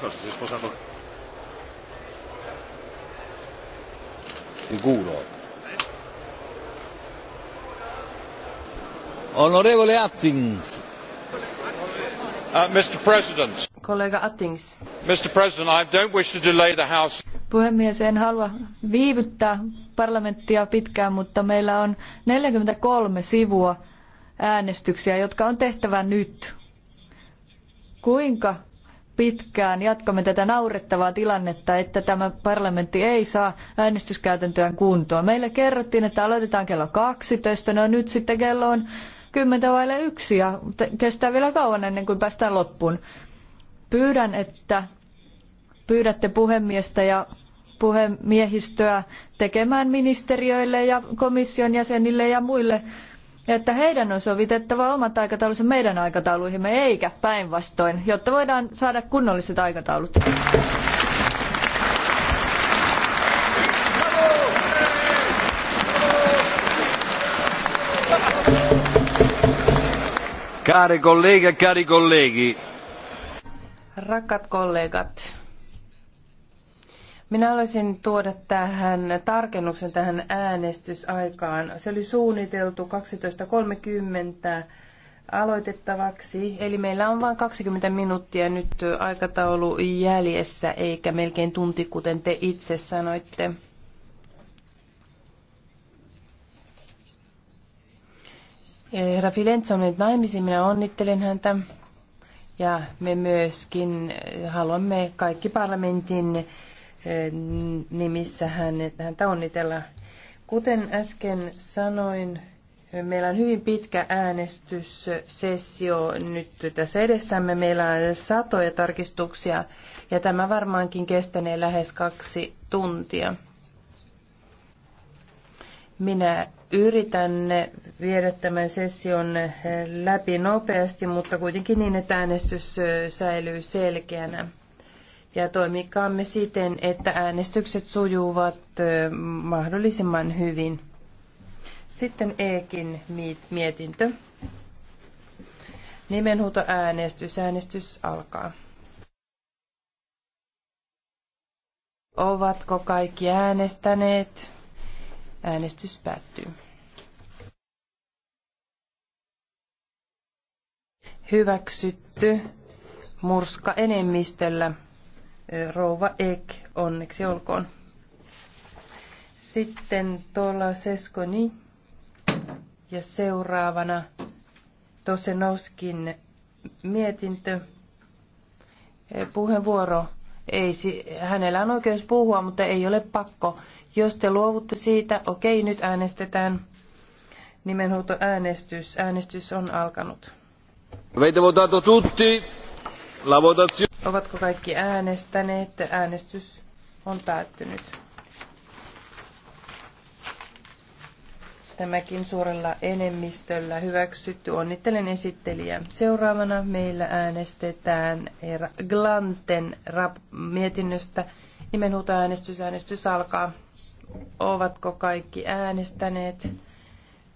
Cosa si è sposato? Sicuro. Onorevole Attings. Uh, Kollega Attings. Mr. President, I don't wish to delay the House. Puhemies, en halua viivyttää parlamenttia pitkään, mutta meillä on 43 sivua äänestyksiä, jotka on tehtävä nyt. Kuinka pitkään jatkamme tätä naurettavaa tilannetta, että tämä parlamentti ei saa äänestyskäytäntöään kuntoon. Meille kerrottiin, että aloitetaan kello 12, no nyt sitten kello on kymmentä vaille yksi ja kestää vielä kauan ennen kuin päästään loppuun. Pyydän, että pyydätte puhemiestä ja puhemiehistöä tekemään ministeriöille ja komission jäsenille ja muille että heidän on sovitettava omat aikataulunsa meidän aikatauluihimme eikä päinvastoin, jotta voidaan saada kunnolliset aikataulut. Care colleghe, cari colleghi. Rakkaat kollegat, minä haluaisin tuoda tähän tarkennuksen tähän äänestysaikaan. Se oli suunniteltu 12.30 aloitettavaksi, eli meillä on vain 20 minuuttia nyt aikataulu jäljessä, eikä melkein tunti, kuten te itse sanoitte. Herra Filenzo on nyt naimisiin, minä onnittelen häntä. Ja me myöskin haluamme kaikki parlamentin nimissä hän onnitella. Kuten äsken sanoin, meillä on hyvin pitkä äänestyssessio nyt tässä edessämme. Meillä on satoja tarkistuksia ja tämä varmaankin kestänee lähes kaksi tuntia. Minä yritän viedä tämän session läpi nopeasti, mutta kuitenkin niin, että äänestys säilyy selkeänä ja toimikaamme siten, että äänestykset sujuvat mahdollisimman hyvin. Sitten Ekin mietintö. Nimenhuuto äänestys. Äänestys alkaa. Ovatko kaikki äänestäneet? Äänestys päättyy. Hyväksytty murska enemmistöllä rouva Ek, onneksi olkoon. Sitten tuolla Seskoni ja seuraavana Tosenovskin mietintö. E, puheenvuoro. Ei, hänellä on oikeus puhua, mutta ei ole pakko. Jos te luovutte siitä, okei, nyt äänestetään. Nimenhuuto äänestys. Äänestys on alkanut. Avete votato tutti. La votazione. Ovatko kaikki äänestäneet? Äänestys on päättynyt. Tämäkin suurella enemmistöllä hyväksytty. Onnittelen esittelijä. Seuraavana meillä äänestetään Glanten rap- mietinnöstä. Nimenhuuta äänestys. Äänestys alkaa. Ovatko kaikki äänestäneet?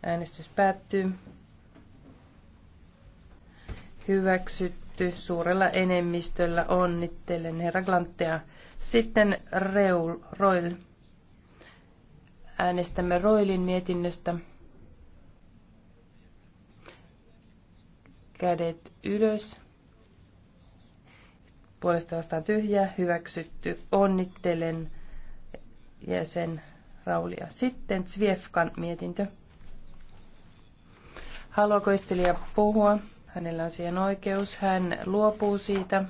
Äänestys päättyy. Hyväksytty hyväksytty suurella enemmistöllä. Onnittelen herra Glanttea. Sitten Reul, Roil. Äänestämme Roilin mietinnöstä. Kädet ylös. Puolesta vastaan tyhjä, hyväksytty. Onnittelen jäsen Raulia. Sitten Zviefkan mietintö. Haluaako istelija puhua? Hänellä on siihen oikeus. Hän luopuu siitä.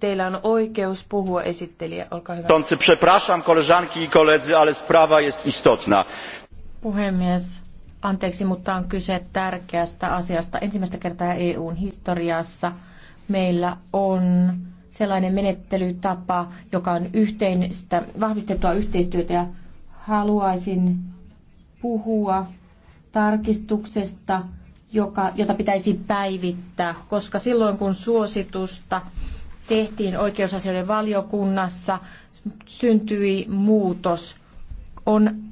Teillä on oikeus puhua esittelijä. Olkaa hyvä. Przepraszam koleżanki i koledzy, ale sprawa jest istotna. Puhemies, anteeksi, mutta on kyse tärkeästä asiasta. Ensimmäistä kertaa EUn historiassa meillä on sellainen menettelytapa, joka on yhteistä, vahvistettua yhteistyötä ja haluaisin puhua tarkistuksesta, joka, jota pitäisi päivittää, koska silloin kun suositusta tehtiin oikeusasioiden valiokunnassa, syntyi muutos. On,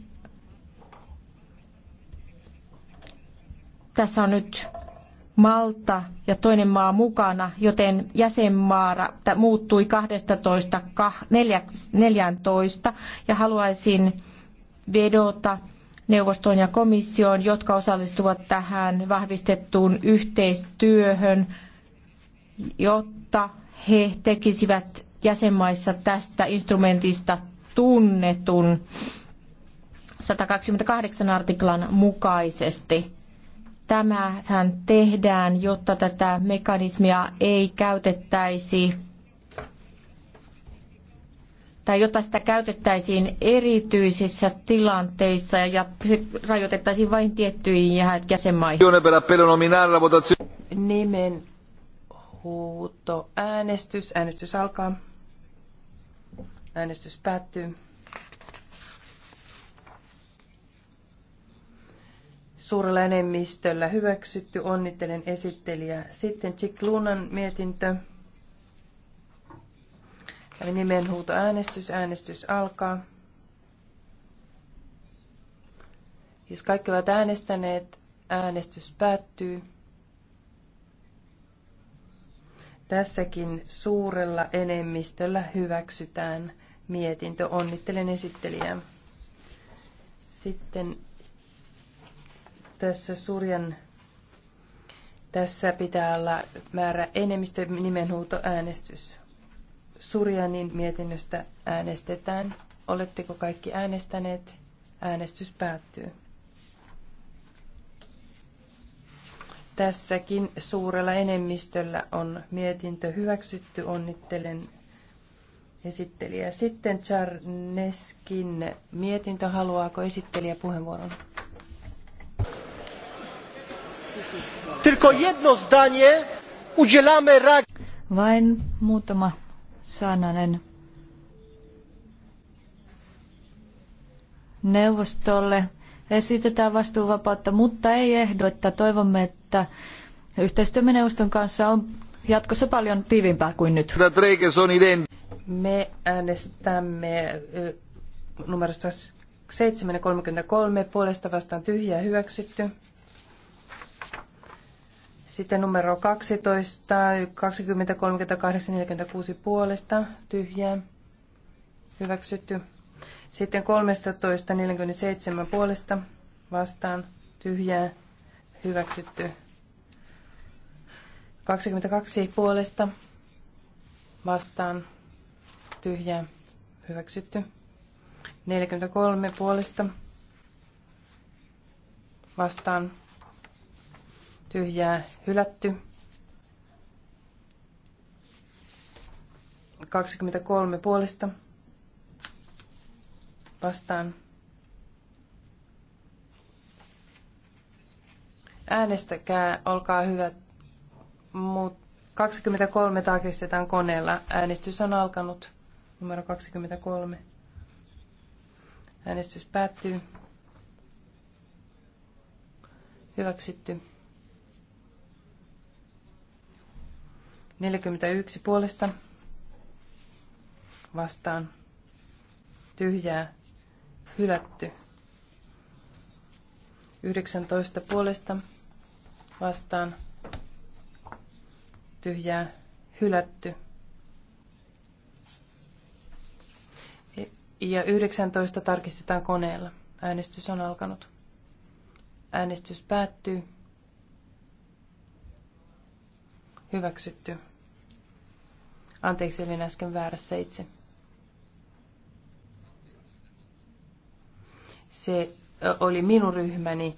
tässä on nyt Malta ja toinen maa mukana, joten jäsenmaara muuttui 12 14 ja haluaisin vedota neuvostoon ja komissioon, jotka osallistuvat tähän vahvistettuun yhteistyöhön, jotta he tekisivät jäsenmaissa tästä instrumentista tunnetun 128 artiklan mukaisesti. Tämähän tehdään, jotta tätä mekanismia ei käytettäisi tai jota sitä käytettäisiin erityisissä tilanteissa ja se rajoitettaisiin vain tiettyihin jäsenmaihin. Nimen huuto. Äänestys. Äänestys alkaa. Äänestys päättyy. Suurella enemmistöllä hyväksytty. Onnittelen esittelijää. Sitten Chick Lunan mietintö. Nimenhuutoäänestys. Äänestys alkaa. Jos kaikki ovat äänestäneet, äänestys päättyy. Tässäkin suurella enemmistöllä hyväksytään mietintö. Onnittelen esittelijää. Sitten tässä surjan tässä pitää olla määrä enemmistö nimenhuutoäänestys. Surjanin mietinnöstä äänestetään. Oletteko kaikki äänestäneet? Äänestys päättyy. Tässäkin suurella enemmistöllä on mietintö hyväksytty. Onnittelen esittelijä. Sitten Charneskin mietintö. Haluaako esittelijä puheenvuoron? Tylko jedno zdanie udzielamy Vain muutama sananen neuvostolle. Esitetään vastuuvapautta, mutta ei että Toivomme, että yhteistyömme neuvoston kanssa on jatkossa paljon tiivimpää kuin nyt. Tuota, Me äänestämme numerosta 7.33 puolesta vastaan tyhjää hyväksytty. Sitten numero 12, 20, 38, 46 puolesta, tyhjää, hyväksytty. Sitten 13, 47 puolesta, vastaan, tyhjää, hyväksytty. 22 puolesta, vastaan, tyhjää, hyväksytty. 43 puolesta, vastaan, tyhjää hylätty. 23 puolesta vastaan. Äänestäkää, olkaa hyvät. Mut 23 tarkistetaan koneella. Äänestys on alkanut. Numero 23. Äänestys päättyy. Hyväksytty. 41 puolesta vastaan tyhjää hylätty. 19 puolesta vastaan tyhjää hylätty. Ja 19 tarkistetaan koneella. Äänestys on alkanut. Äänestys päättyy. Hyväksytty. Anteeksi, olin äsken väärässä itse. Se oli minun ryhmäni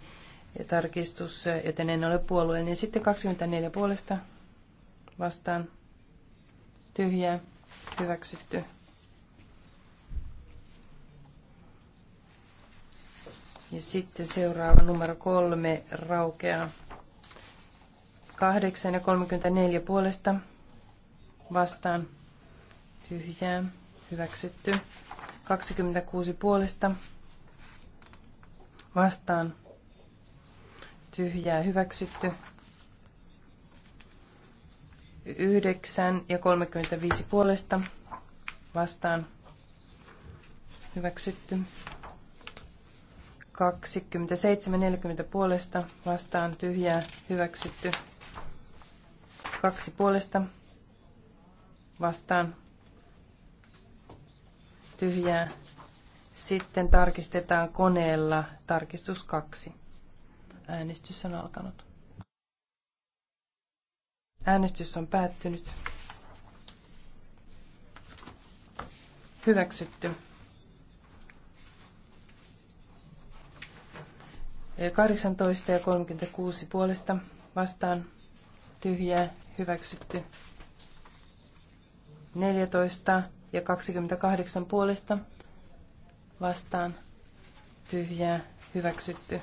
tarkistus, joten en ole puolueellinen. Sitten 24 puolesta vastaan tyhjää, hyväksytty. Ja sitten seuraava numero kolme raukeaa. 8 ja 34 puolesta vastaan tyhjää hyväksytty. 26 puolesta vastaan tyhjää hyväksytty. 9 ja 35 puolesta vastaan hyväksytty. 27 40 puolesta vastaan tyhjää hyväksytty. 2 puolesta vastaan tyhjää. Sitten tarkistetaan koneella tarkistus 2. Äänestys on alkanut. Äänestys on päättynyt. Hyväksytty. 18 ja 36 puolesta vastaan tyhjää hyväksytty. 14 ja 28 puolesta vastaan tyhjää hyväksytty.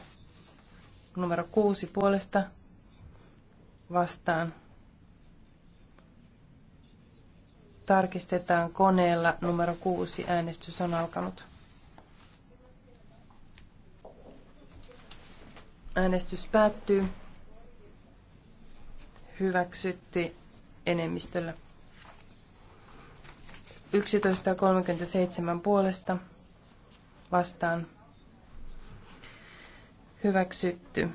Numero 6 puolesta vastaan tarkistetaan koneella numero 6. Äänestys on alkanut. Äänestys päättyy. Hyväksytti enemmistöllä. 11.37 puolesta vastaan hyväksytty.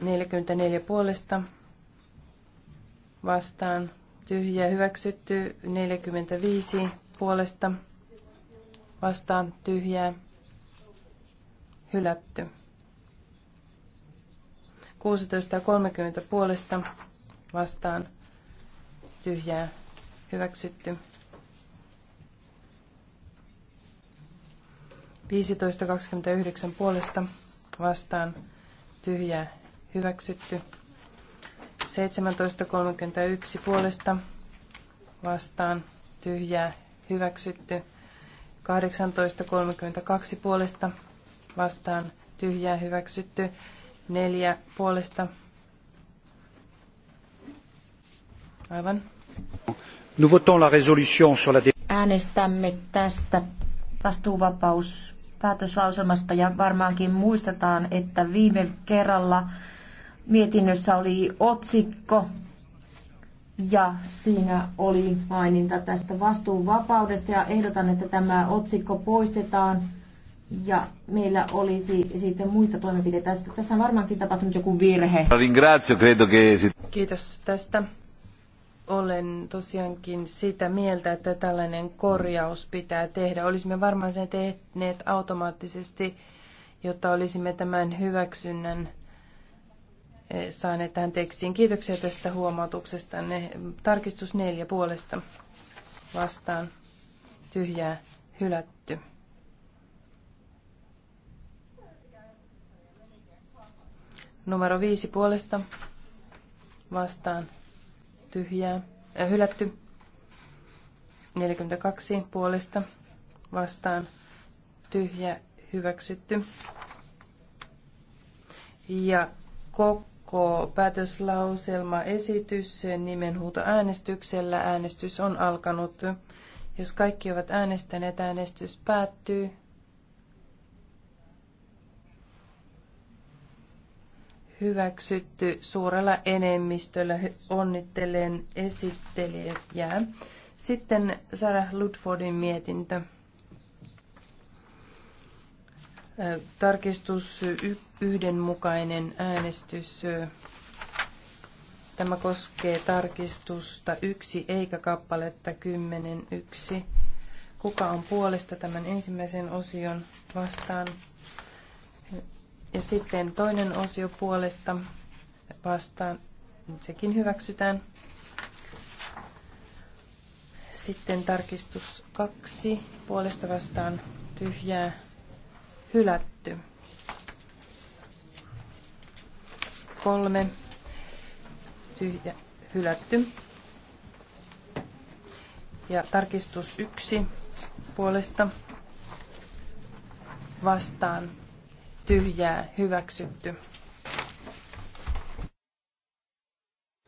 44 puolesta vastaan tyhjä hyväksytty. 45 puolesta vastaan tyhjää hylätty. 16.30 puolesta vastaan tyhjää hyväksytty. 15.29 puolesta vastaan tyhjää hyväksytty. 17.31 puolesta vastaan tyhjää hyväksytty. 18.32 puolesta vastaan tyhjää hyväksytty. 4 puolesta. Aivan. Nous votons la résolution sur la Äänestämme tästä vastuuvapaus päätöslauselmasta ja varmaankin muistetaan, että viime kerralla mietinnössä oli otsikko ja siinä oli maininta tästä vastuuvapaudesta ja ehdotan, että tämä otsikko poistetaan ja meillä olisi sitten muita toimenpiteitä. Tässä on varmaankin tapahtunut joku virhe. Kiitos tästä olen tosiaankin sitä mieltä, että tällainen korjaus pitää tehdä. Olisimme varmaan sen tehneet automaattisesti, jotta olisimme tämän hyväksynnän eh, saaneet tähän tekstiin. Kiitoksia tästä huomautuksesta. Ne Tarkistus neljä puolesta vastaan tyhjää hylätty. Numero viisi puolesta vastaan tyhjää, äh, hylätty. 42 puolesta vastaan tyhjä hyväksytty. Ja koko päätöslauselma esitys nimenhuuto äänestyksellä. Äänestys on alkanut. Jos kaikki ovat äänestäneet, äänestys päättyy. hyväksytty suurella enemmistöllä. Onnittelen esittelijää. Sitten Sarah Ludfordin mietintö. Tarkistus yhdenmukainen äänestys. Tämä koskee tarkistusta yksi eikä kappaletta kymmenen yksi. Kuka on puolesta tämän ensimmäisen osion vastaan? Ja sitten toinen osio puolesta vastaan, sekin hyväksytään. Sitten tarkistus kaksi puolesta vastaan tyhjää hylätty. Kolme tyhjä, hylätty. Ja tarkistus yksi puolesta vastaan tyhjää hyväksytty.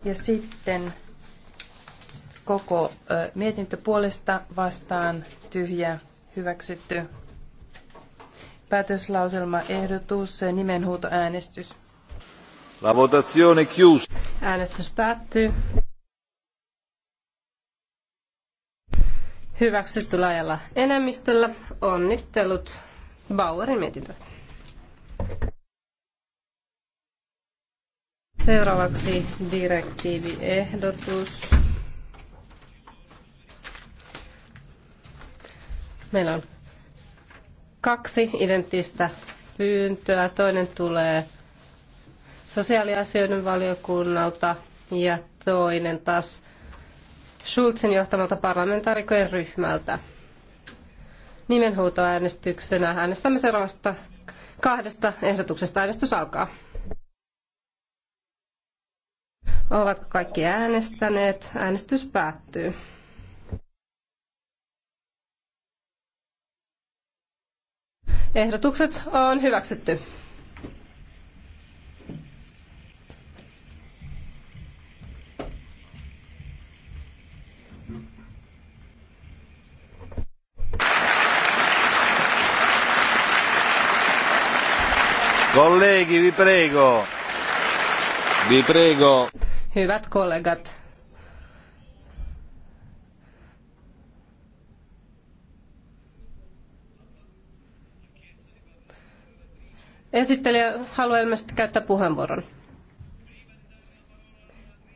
Ja sitten koko ö, mietintö puolesta vastaan tyhjä hyväksytty. Päätöslauselma ehdotus äänestys La votazione chiusa. Äänestys päättyy. Hyväksytty laajalla enemmistöllä. Onnittelut Bauerin mietintö. Seuraavaksi direktiiviehdotus. Meillä on kaksi identtistä pyyntöä. Toinen tulee sosiaaliasioiden valiokunnalta ja toinen taas Schulzin johtamalta parlamentaarikojen ryhmältä. Nimenhuutoäänestyksenä äänestämme seuraavasta kahdesta ehdotuksesta. Äänestys alkaa. Ovatko kaikki äänestäneet? Äänestys päättyy. Ehdotukset on hyväksytty. Colleghi, vi prego. Vi prego. Hyvät kollegat, Esittelijä haluaa ilmeisesti käyttää puheenvuoron.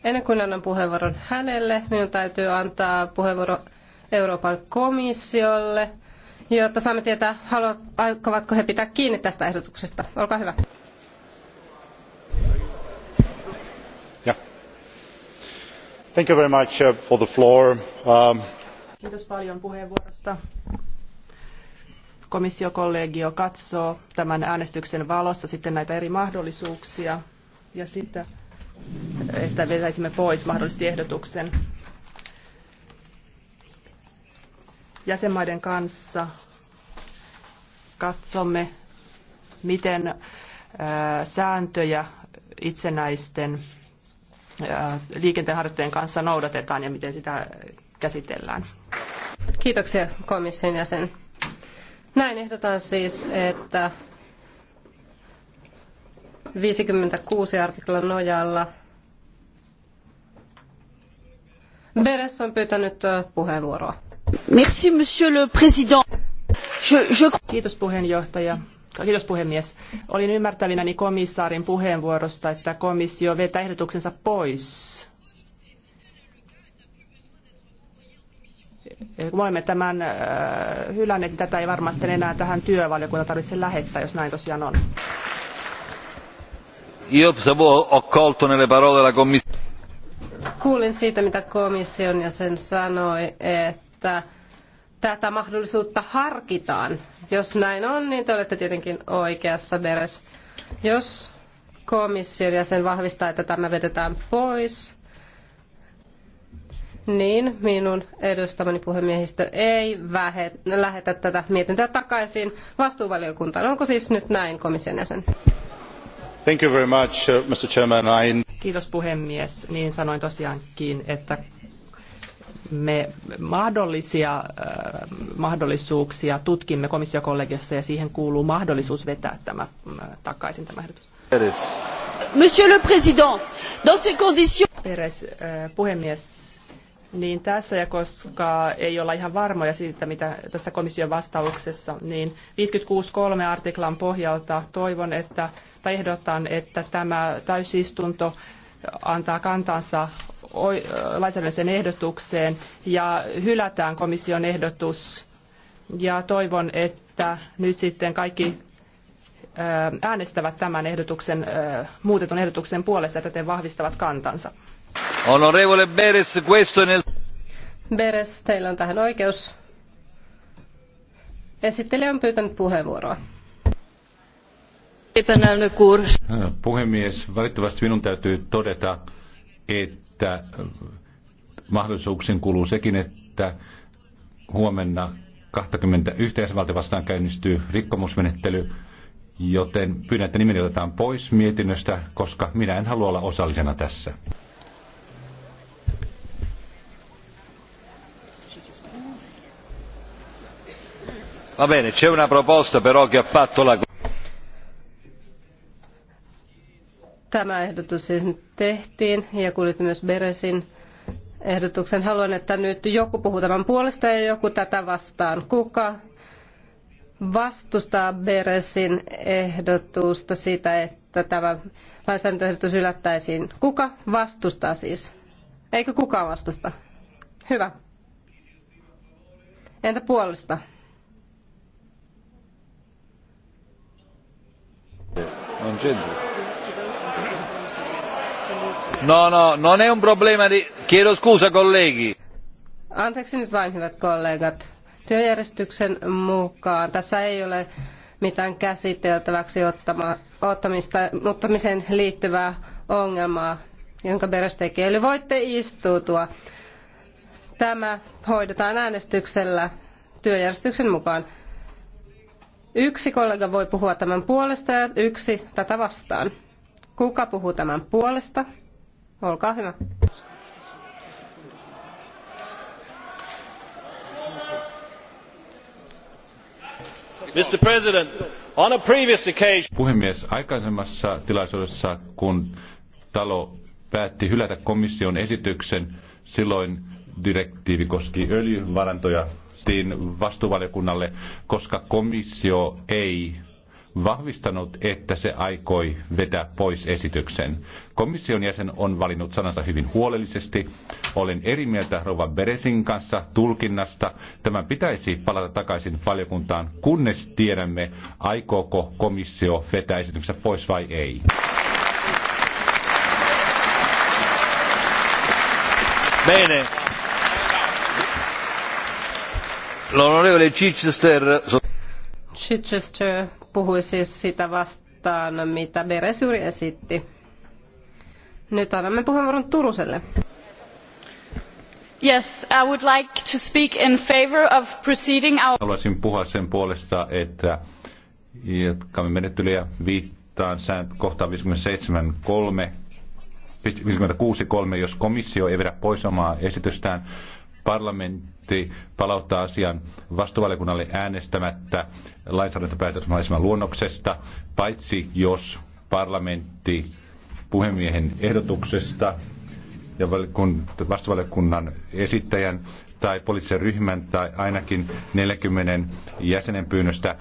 Ennen kuin annan puheenvuoron hänelle, minun täytyy antaa puheenvuoro Euroopan komissiolle, jotta saamme tietää, aikovatko he pitää kiinni tästä ehdotuksesta. Olkaa hyvä. Uh, um, Kiitos paljon puheenvuorosta. Komissiokollegio katsoo tämän äänestyksen valossa sitten näitä eri mahdollisuuksia ja sitten, että vetäisimme pois mahdollisesti ehdotuksen jäsenmaiden kanssa. Katsomme, miten sääntöjä itsenäisten liikenteenharjoittajien kanssa noudatetaan ja miten sitä käsitellään. Kiitoksia komission jäsen. Näin ehdotan siis, että 56 artiklan nojalla Beres on pyytänyt puheenvuoroa. Merci, monsieur le président. Je, je... Kiitos puheenjohtaja. Kiitos puhemies. Olin ymmärtävinäni komissaarin puheenvuorosta, että komissio vetää ehdotuksensa pois. Kun olemme tämän äh, hylänneet, niin tätä ei varmasti enää tähän työvaliokunta tarvitse lähettää, jos näin tosiaan on. Io nelle parole della Commissione. Kuulin siitä, mitä komission jäsen sanoi, että tätä mahdollisuutta harkitaan. Jos näin on, niin te olette tietenkin oikeassa, Beres. Jos komission jäsen vahvistaa, että tämä vetetään pois, niin minun edustamani puhemiehistö ei vähe, lähetä tätä mietintöä takaisin vastuuvaliokuntaan. Onko siis nyt näin komission jäsen? Thank you very much, uh, Mr. Chairman. Kiitos puhemies. Niin sanoin tosiaankin, että me mahdollisia äh, mahdollisuuksia tutkimme komissiokollegiossa ja siihen kuuluu mahdollisuus vetää tämä äh, takaisin tämä ehdotus. Peres. Monsieur le Président, dans ces conditions... Peres, äh, puhemies, niin tässä ja koska ei olla ihan varmoja siitä, mitä tässä komission vastauksessa, niin 56.3 artiklan pohjalta toivon, että, tai ehdotan, että tämä täysistunto antaa kantansa lainsäädännölliseen ehdotukseen ja hylätään komission ehdotus. Ja toivon, että nyt sitten kaikki äänestävät tämän ehdotuksen, muutetun ehdotuksen puolesta ja täten vahvistavat kantansa. Onorevole Beres, questo nel... Beres, teillä on tähän oikeus. Esittelijä on pyytänyt puheenvuoroa. Puhemies, valitettavasti minun täytyy todeta, että että äh, mahdollisuuksiin kuuluu sekin, että huomenna 20 yhteisvaltio vastaan käynnistyy rikkomusmenettely, joten pyydän, että nimeni otetaan pois mietinnöstä, koska minä en halua olla osallisena tässä. Va bene, c'è una proposta però che ha fatto la tämä ehdotus siis tehtiin ja kuulitte myös Beresin ehdotuksen. Haluan, että nyt joku puhuu tämän puolesta ja joku tätä vastaan. Kuka vastustaa Beresin ehdotusta siitä, että tämä lainsäädäntöehdotus ylättäisiin? Kuka vastustaa siis? Eikö kukaan vastusta? Hyvä. Entä puolesta? On gender. No, no, non è un problema di... Chiedo scusa, colleghi. Anteeksi nyt vain, hyvät kollegat. Työjärjestyksen mukaan tässä ei ole mitään käsiteltäväksi ottama, ottamista, ottamiseen liittyvää ongelmaa, jonka Beres tekee. Eli voitte istuutua. Tämä hoidetaan äänestyksellä työjärjestyksen mukaan. Yksi kollega voi puhua tämän puolesta ja yksi tätä vastaan. Kuka puhuu tämän puolesta? Olkaa hyvä. Mr. President, on a previous occasion... Puhemies, aikaisemmassa tilaisuudessa, kun talo päätti hylätä komission esityksen, silloin direktiivi koski öljyvarantoja vastuuvaliokunnalle, koska komissio ei vahvistanut, että se aikoi vetää pois esityksen. Komission jäsen on valinnut sanansa hyvin huolellisesti. Olen eri mieltä Rova Beresin kanssa tulkinnasta. Tämän pitäisi palata takaisin valiokuntaan, kunnes tiedämme, aikooko komissio vetää esityksen pois vai ei. Bene. L'onorevole Chichester. Chichester puhui siis sitä vastaan, mitä Beres juuri esitti. Nyt annamme puheenvuoron Turuselle. Yes, I would like to speak in favor of proceeding our... Haluaisin puhua sen puolesta, että jatkamme menettelyä viittaan sään kohtaan 57.3 56.3, jos komissio ei vedä pois omaa esitystään, parlamentti palauttaa asian vastuvaliokunnalle äänestämättä lainsäädäntöpäätösmaiseman luonnoksesta, paitsi jos parlamentti puhemiehen ehdotuksesta ja vastuvaliokunnan esittäjän tai poliittisen ryhmän tai ainakin 40 jäsenen pyynnöstä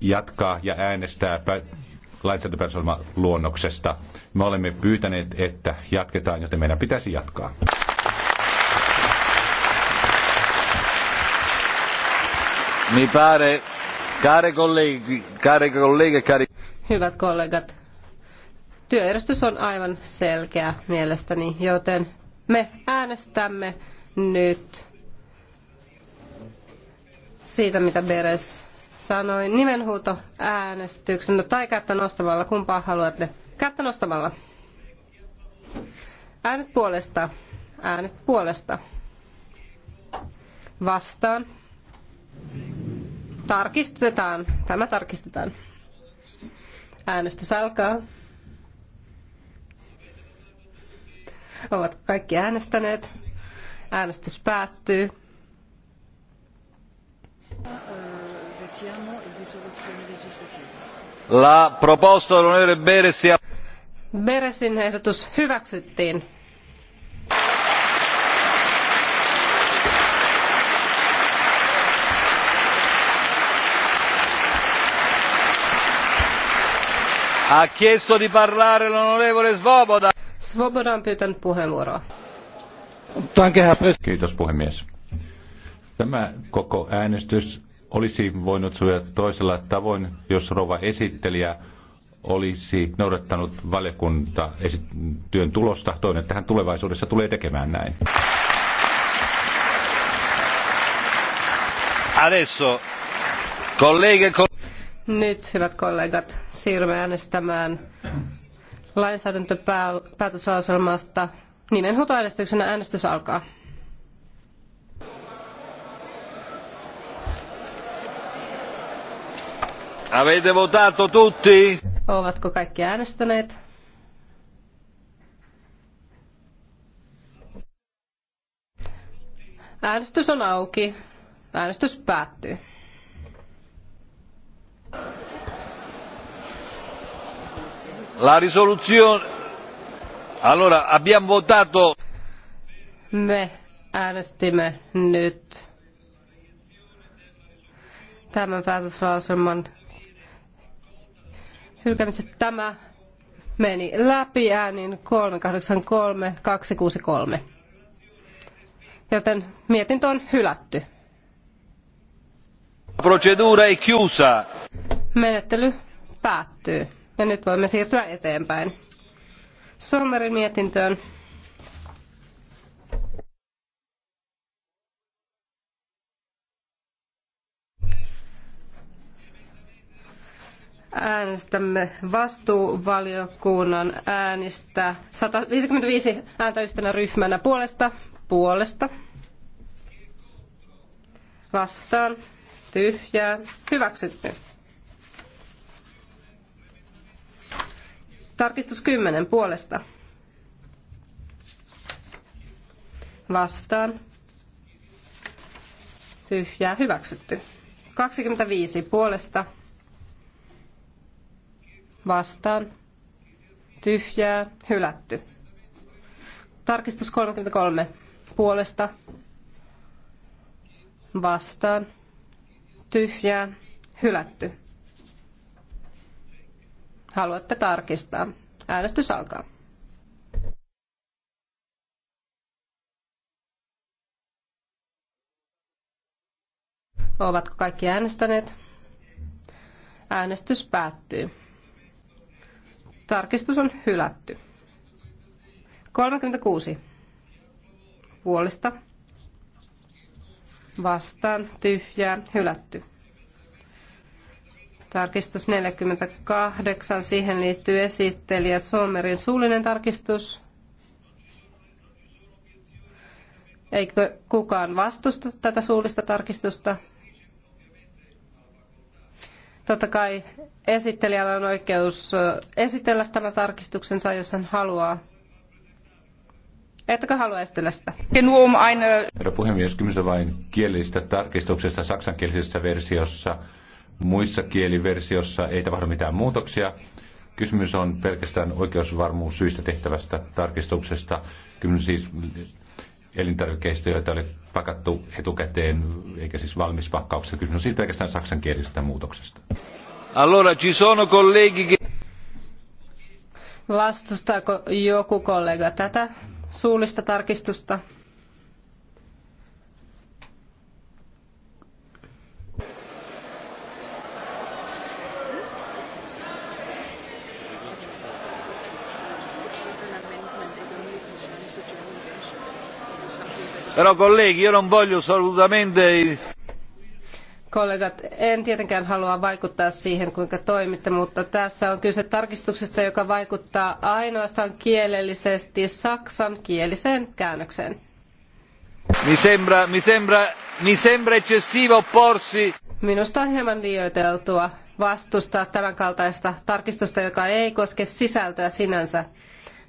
jatkaa ja äänestää lainsäädäntöpäätösmaiseman luonnoksesta. Me olemme pyytäneet, että jatketaan, joten meidän pitäisi jatkaa. Mi pare, care colleghi, care colleghi, care... Hyvät kollegat, työjärjestys on aivan selkeä mielestäni, joten me äänestämme nyt siitä, mitä Beres sanoi nimenhuuto äänestyksen tai kättä nostamalla, kumpaa haluatte. Kättä nostamalla. Äänet puolesta. Äänet puolesta. Vastaan. Tarkistetaan. Tämä tarkistetaan. Äänestys alkaa. Ovat kaikki äänestäneet. Äänestys päättyy. La proposta on Beresin ehdotus hyväksyttiin. Ha chiesto di parlare l'onorevole Svoboda. Svoboda on pyytänyt puheenvuoroa. Kiitos puhemies. Tämä koko äänestys olisi voinut sujua toisella tavoin, jos rova esittelijä olisi noudattanut valiokunta työn tulosta. Toinen että hän tulevaisuudessa tulee tekemään näin. Adesso, colleghe, e nyt, hyvät kollegat, siirrymme äänestämään lainsäädäntöpäätöslauselmasta. Nimenhuutoäänestyksenä äänestys alkaa. Avete votato tutti? Ovatko kaikki äänestäneet? Äänestys on auki. Äänestys päättyy. La risoluzione. Allora, abbiamo votato. Me äänestimme nyt tämän päätöslauselman hylkäämisestä. Tämä meni läpi äänin 383 263. Joten mietintö on hylätty. Procedura è chiusa. Menettely päättyy. Ja nyt voimme siirtyä eteenpäin. Sommerin mietintöön. äänestämme vastuuvaliokunnan äänistä 155 ääntä yhtenä ryhmänä puolesta, puolesta, vastaan, tyhjää, hyväksytty. Tarkistus 10 puolesta. Vastaan. Tyhjää hyväksytty. 25 puolesta. Vastaan. Tyhjää hylätty. Tarkistus 33 puolesta. Vastaan. Tyhjää hylätty haluatte tarkistaa. Äänestys alkaa. Ovatko kaikki äänestäneet? Äänestys päättyy. Tarkistus on hylätty. 36. Puolesta. Vastaan. Tyhjää. Hylätty. Tarkistus 48. Siihen liittyy esittelijä Sommerin suullinen tarkistus. Eikö kukaan vastusta tätä suullista tarkistusta? Totta kai esittelijällä on oikeus esitellä tämä tarkistuksensa, jos hän haluaa. Ettäkö halua estellä sitä? Herra puhemies, kysymys on vain kielellisestä tarkistuksesta saksankielisessä versiossa – Muissa kieliversiossa ei tapahdu mitään muutoksia. Kysymys on pelkästään syistä tehtävästä tarkistuksesta. Kysymys siis elintarvikkeista, joita oli pakattu etukäteen, eikä siis valmis pakkauksesta. Kysymys on siis pelkästään saksankielisestä muutoksesta. Allora, ci sono colleghi che... Vastustaako joku kollega tätä suullista tarkistusta? Però colleghi, io non voglio assolutamente... Kollegat, en tietenkään halua vaikuttaa siihen, kuinka toimitte, mutta tässä on kyse tarkistuksesta, joka vaikuttaa ainoastaan kielellisesti saksan kieliseen käännökseen. Mi sembra, mi sembra, mi sembra eccessivo porsi. Minusta on hieman liioiteltua vastustaa tämän kaltaista tarkistusta, joka ei koske sisältöä sinänsä.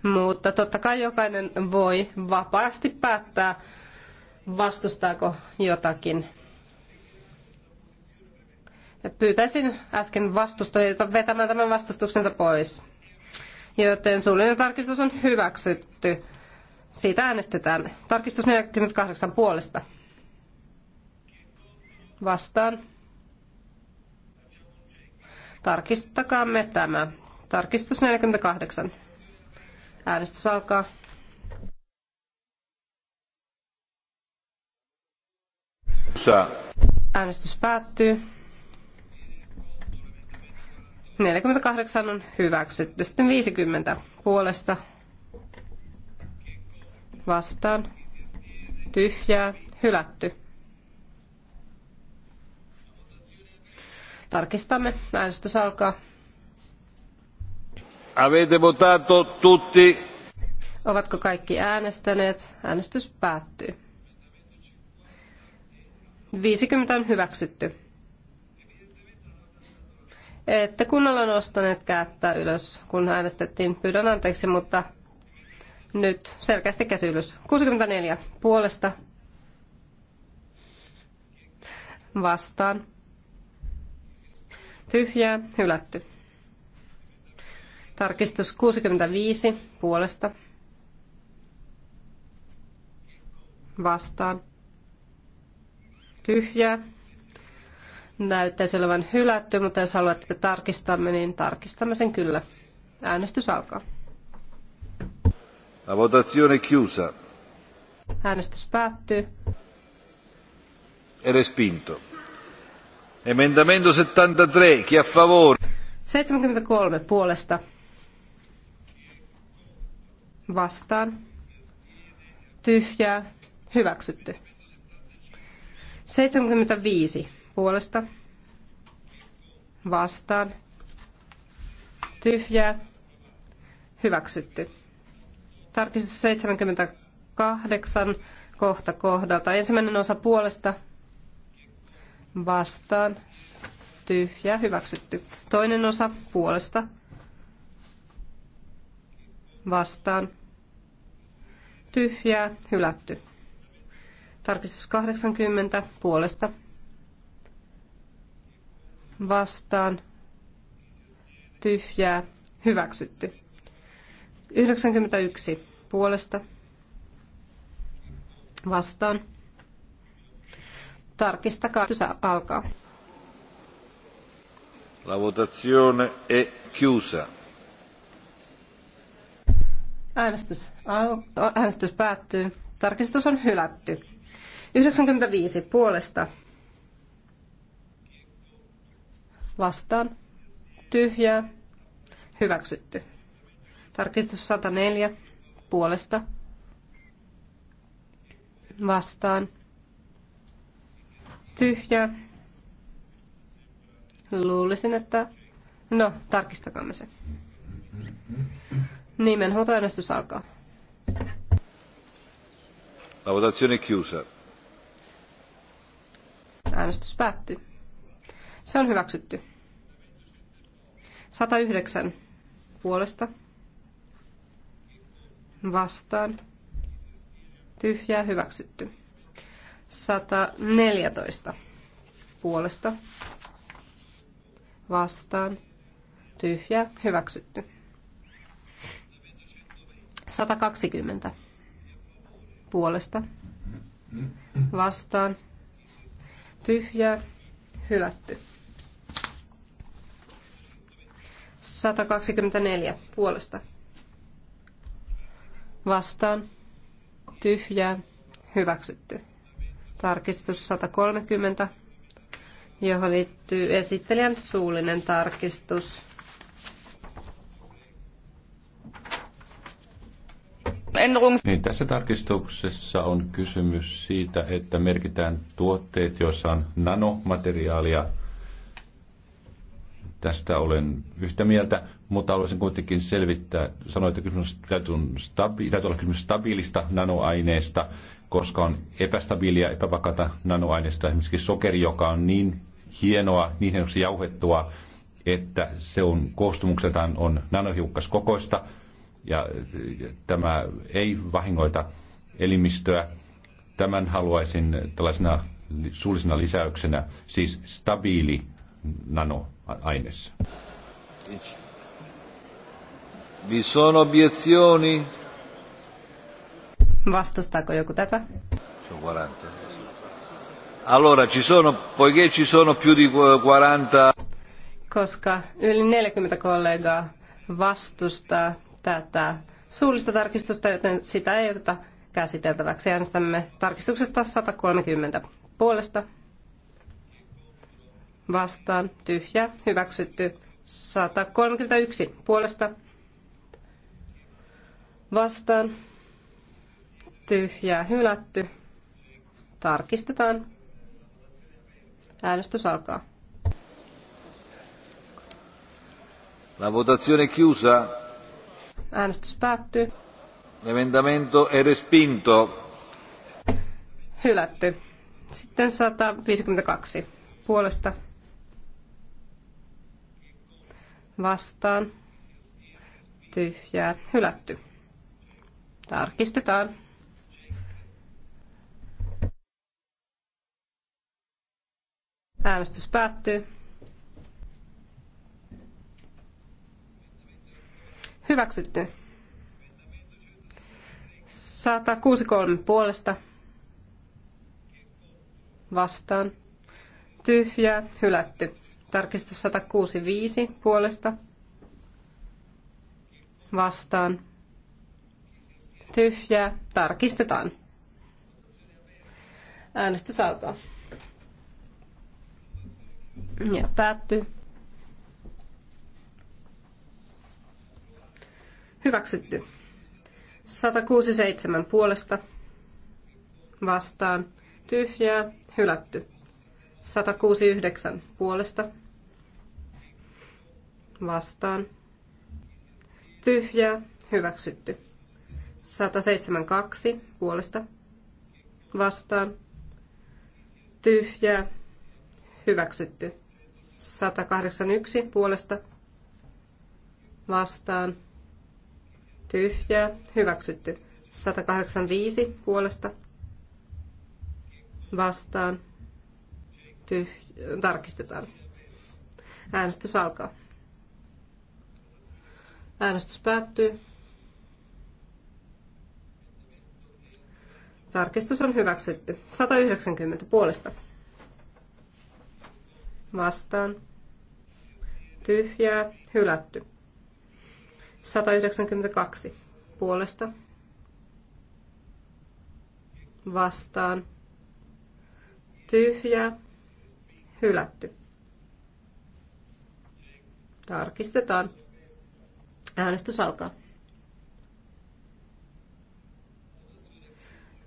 Mutta totta kai jokainen voi vapaasti päättää, vastustaako jotakin. Pyytäisin äsken vastustajilta vetämään tämän vastustuksensa pois. Joten suullinen tarkistus on hyväksytty. Siitä äänestetään. Tarkistus 48 puolesta. Vastaan. Tarkistakaamme tämä. Tarkistus 48. Äänestys alkaa. Äänestys päättyy. 48 on hyväksytty. Sitten 50 puolesta vastaan. Tyhjää. Hylätty. Tarkistamme. Äänestys alkaa. Avete votato tutti. Ovatko kaikki äänestäneet? Äänestys päättyy. 50 on hyväksytty. Että kunnolla nostaneet kättä ylös, kun äänestettiin. Pyydän anteeksi, mutta nyt selkeästi käsi ylös. 64 puolesta vastaan. Tyhjää, hylätty. Tarkistus 65 puolesta vastaan tyhjää. Näyttäisi olevan hylätty, mutta jos haluatte, tarkistaa, tarkistamme, niin tarkistamme sen kyllä. Äänestys alkaa. La votazione chiusa. Äänestys päättyy. E respinto. Emendamento 73, chi a favore? 73 puolesta. Vastaan. Tyhjää. Hyväksytty. 75 puolesta vastaan tyhjää hyväksytty. Tarkistus 78 kohta kohdalta. Ensimmäinen osa puolesta vastaan tyhjää hyväksytty. Toinen osa puolesta vastaan tyhjää hylätty. Tarkistus 80 puolesta vastaan tyhjää hyväksytty. 91 puolesta vastaan. Tarkistakaa, tysä alkaa. La votazione è chiusa. Äänestys, äänestys päättyy. Tarkistus on hylätty. 95 puolesta vastaan tyhjää hyväksytty. Tarkistus 104 puolesta vastaan tyhjää. Luulisin, että... No, tarkistakaamme se. Nimenhuoltoäänestys alkaa. La votazione è chiusa. Äänestys päättyy. Se on hyväksytty. 109 puolesta. Vastaan. Tyhjää hyväksytty. 114 puolesta. Vastaan. Tyhjää hyväksytty. 120 puolesta. Vastaan tyhjää, hylätty. 124 puolesta. Vastaan, tyhjää, hyväksytty. Tarkistus 130, johon liittyy esittelijän suullinen tarkistus. Niin, tässä tarkistuksessa on kysymys siitä, että merkitään tuotteet, joissa on nanomateriaalia. Tästä olen yhtä mieltä, mutta haluaisin kuitenkin selvittää. Sanoin, että kysymys täytyy, stabi- täytyy olla kysymys stabiilista nanoaineesta, koska on epästabiilia, epävakata nanoaineista, esimerkiksi sokeri, joka on niin hienoa, niin hienoksi jauhettua, että se on koostumukseltaan on nanohiukkaskokoista, ja tämä ei vahingoita elimistöä. Tämän haluaisin tällaisena suullisena lisäyksenä, siis stabiili nanoaines. Vi sono obiezioni? Vastustaako joku tätä? Allora, ci sono, poiché ci sono più di 40... Koska yli 40 kollegaa vastustaa, tätä suullista tarkistusta, joten sitä ei oteta käsiteltäväksi. Äänestämme tarkistuksesta 130 puolesta vastaan tyhjä hyväksytty 131 puolesta vastaan tyhjä hylätty. Tarkistetaan. Äänestys alkaa. La votazione chiusa. Äänestys päättyy. Emendamento è respinto. Hylätty. Sitten 152. Puolesta. Vastaan. Tyhjää. Hylätty. Tarkistetaan. Äänestys päättyy. Hyväksytty. 163 puolesta. Vastaan. Tyhjää. Hylätty. Tarkistus 165 puolesta. Vastaan. Tyhjää. Tarkistetaan. Äänestys alkaa. Ja päättyy. Hyväksytty. 167 puolesta vastaan tyhjää, hylätty. 169 puolesta vastaan tyhjää, hyväksytty. 172 puolesta vastaan tyhjää, hyväksytty. 181 puolesta vastaan tyhjää, hyväksytty. 185 puolesta vastaan, tyh- tarkistetaan. Äänestys alkaa. Äänestys päättyy. Tarkistus on hyväksytty. 190 puolesta. Vastaan. Tyhjää. Hylätty. 192 puolesta vastaan tyhjä hylätty. Tarkistetaan. Äänestys alkaa.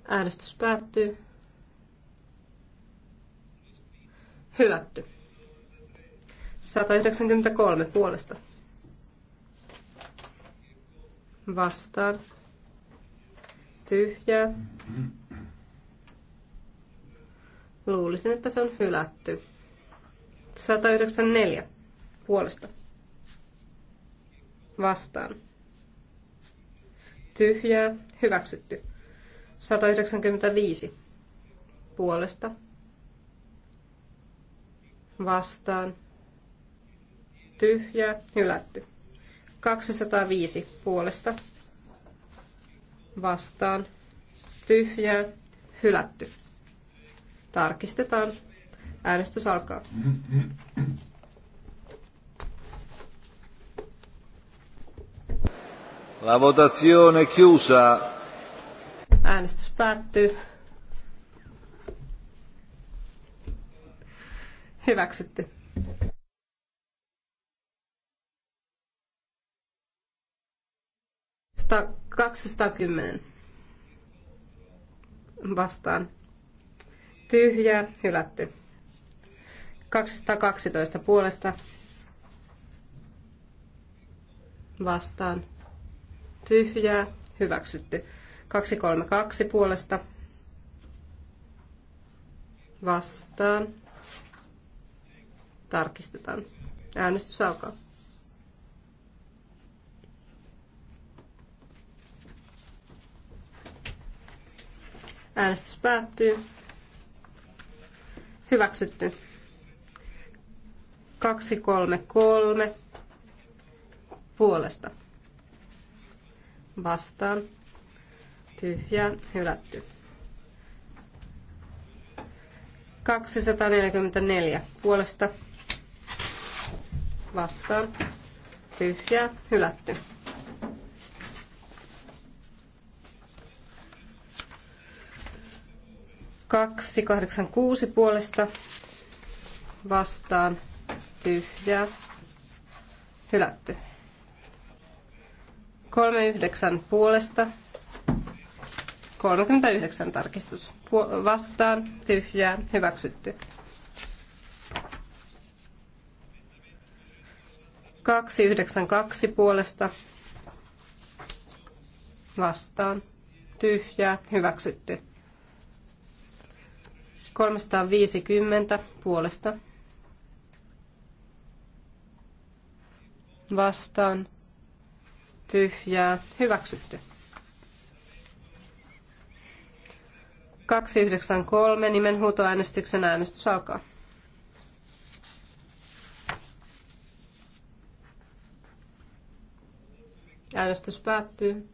Äänestys päättyy. Hylätty. 193 puolesta vastaan, tyhjä Luulisin, että se on hylätty. 194 puolesta vastaan. Tyhjää, hyväksytty. 195 puolesta vastaan. Tyhjää, hylätty. 205 puolesta vastaan tyhjää hylätty. Tarkistetaan. Äänestys alkaa. La votazione chiusa. Äänestys päättyy. Hyväksytty. 210 vastaan. tyhjä hylätty. 212 puolesta vastaan. Tyhjää, hyväksytty. 232 puolesta vastaan. Tarkistetaan. Äänestys alkaa. Äänestys päättyy. Hyväksytty. 233 puolesta. Vastaan. Tyhjää. Hylätty. 244 puolesta. Vastaan. Tyhjää. Hylätty. 286 puolesta vastaan tyhjää hylätty. 39 puolesta 39 tarkistus vastaan tyhjää hyväksytty. 292 puolesta vastaan tyhjää hyväksytty. 350 puolesta vastaan tyhjää hyväksytty. 293 nimen huutoäänestyksen äänestys alkaa. Äänestys päättyy.